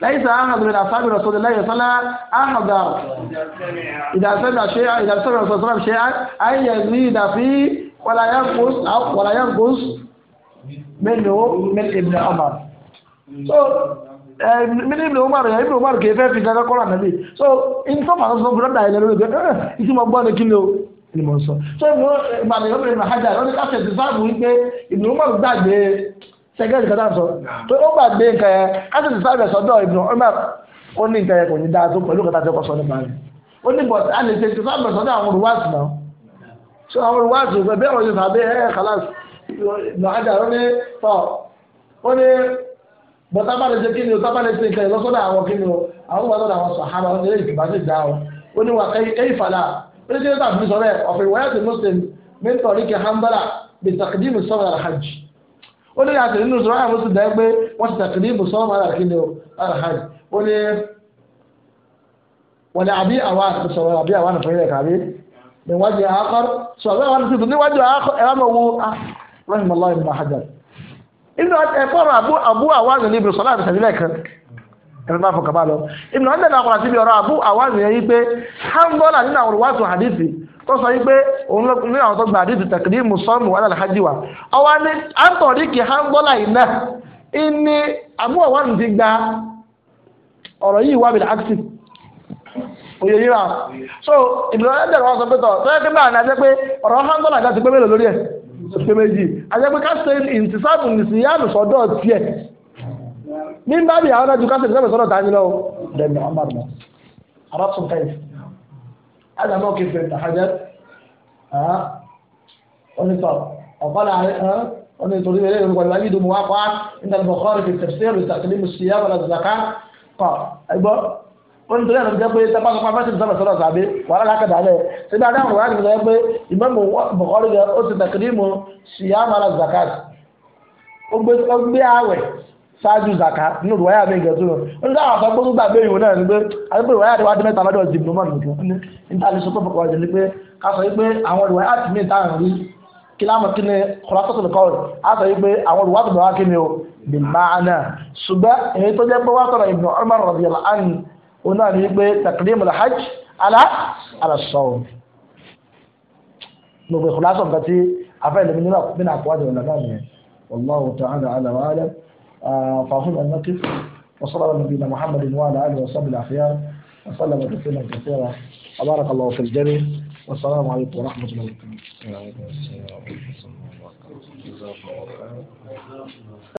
lẹ́yìn tí ahàdù rẹ̀ àfáàbì rẹ̀ sọ́dọ̀ lẹ́yìn sọ́lá ahàdà ìdásẹ́bà ṣe ìdásẹ́bà sọ́dọ̀ sọ́dọ̀ ṣe ní ìdàfí wàlàyé gbòs mélòó mélòó ìbìnà ọmọ. Eh, mini ibn umar ya eh, ibn umar kìí fẹ́ fi kankan kọ́ra so in so fàá so fúnra dàí lẹ́nu ìgbẹ́ ẹ̀ ìsì mọ̀ gbọ́ ni kí ni o ni mo so ibn umar yóò bẹ̀rẹ̀ hajar lọ́dún káṣẹ̀ ti sáàbù wípé ibn umar gbàgbé sẹ́gẹ́rì kan náà sọ gba ó gbàgbé nǹkan yẹn káṣẹ̀ ti sáàbù ẹ̀sọ́dọ̀ ibn umar a bọ́ tá a bá lè ṣe kí ni o tá a bá lè ṣe nǹkan ìlọ́sọ́dọ̀ àwọn kí ni o àwọn wà lọ́dọ̀ àwọn sàhábà wọn lè ìgbà sí ìdá o ó ní wa ẹyí fàlà ó ní kí ló tàbí sọ bẹ́ẹ̀ ọ̀fẹ́ ìwáyà ti muslim mi ń tọ̀rí kí hanbala bí takdimu sọ́wọ́ alhaj ó ní àti nínú sọ́wọ́ àwọn muslim dáa pé wọ́n ti takdimu sọ́wọ́ alhaj ó ní wọ́n àbí ibi náà ẹ̀fọ́rọ̀ àbú àwáàzù ní ibi sọ́lá àti sẹ́sílẹ̀ kan ẹ̀rọ bá fọkàn bá lọ ibi náà dẹ̀ nàkọ̀rọ̀ síbi ọ̀rọ̀ àbú àwáàzù yẹn yí pé nínú àwọn hadithi tó sọ yí òun àwọn tó gba hadithi tẹ̀kìdí musọ́ọ̀mù wa ọwọ́ ni antori kì hanbọ́là so ṣe méjì àjẹpẹ́ ká ṣe ìtìsáàbù nìsíyàmù sọ́dọ̀ tiẹ̀ ní bá mi àwọn ajú ká ṣe ìtìsáàbù sọ́dọ̀ tani lọ. bẹ́ẹ̀ni amadu ma arabsun kaif adam náà kì í fẹ́ tàhájẹ onífà ọ̀pọ̀lá ọ̀nà ìtòrí ẹlẹ́yìn olùkọ́ ìwà yìí dùn mú wá pa ní wọ́n nítorí ẹ̀rọ jẹ́ pé tẹ́pá sọ pé afẹ́sẹ̀ ìsọ̀rọ̀ sọ̀rọ̀ sàbí wàhálà lákàdá alẹ́ síbi adáhùn wàhálà nìkan jẹ́ pé ìmọ̀mù bọ̀kọ́rí rẹ̀ ó ti tẹ̀kìrìmù ṣìyàmù ala zakat ó gbé àwẹ̀ ṣáájú zaka nínú ìwáyà mi gẹ̀ẹ́sù rẹ̀ ó ní sáwọn àfẹ́ gbóngbà gbé ìwò náà ni pé àdúgbò ìwáyà tí wàá dín mẹ́ta lọ́dọ̀ zip nomad nìkan ní nítorí sọ pé bọ̀kọ́ ọ̀jẹ̀ ni pé ká sọ pé àwọn ìwáyà tí mi táwọn rí kí láàmú kí ni kọ́lásọ́tò nìkan ọ̀rẹ́ á sọ pé àwọn ìwáyà tó òun náà ní pé taklim alhaj ala alasọ́ọ̀ gbogbo ìkùlásọ̀ nǹkan tí afẹ́ ìlú nínú àkùnbínà àkùwájú ọ̀nà náà nìyẹn والله تعالى على وعلم فاصل المقف وصلى على نبينا محمد وعلى اله وصحبه الاخيار وسلم تسليما كثيرا وبارك الله في الجميع والسلام عليكم ورحمه الله وبركاته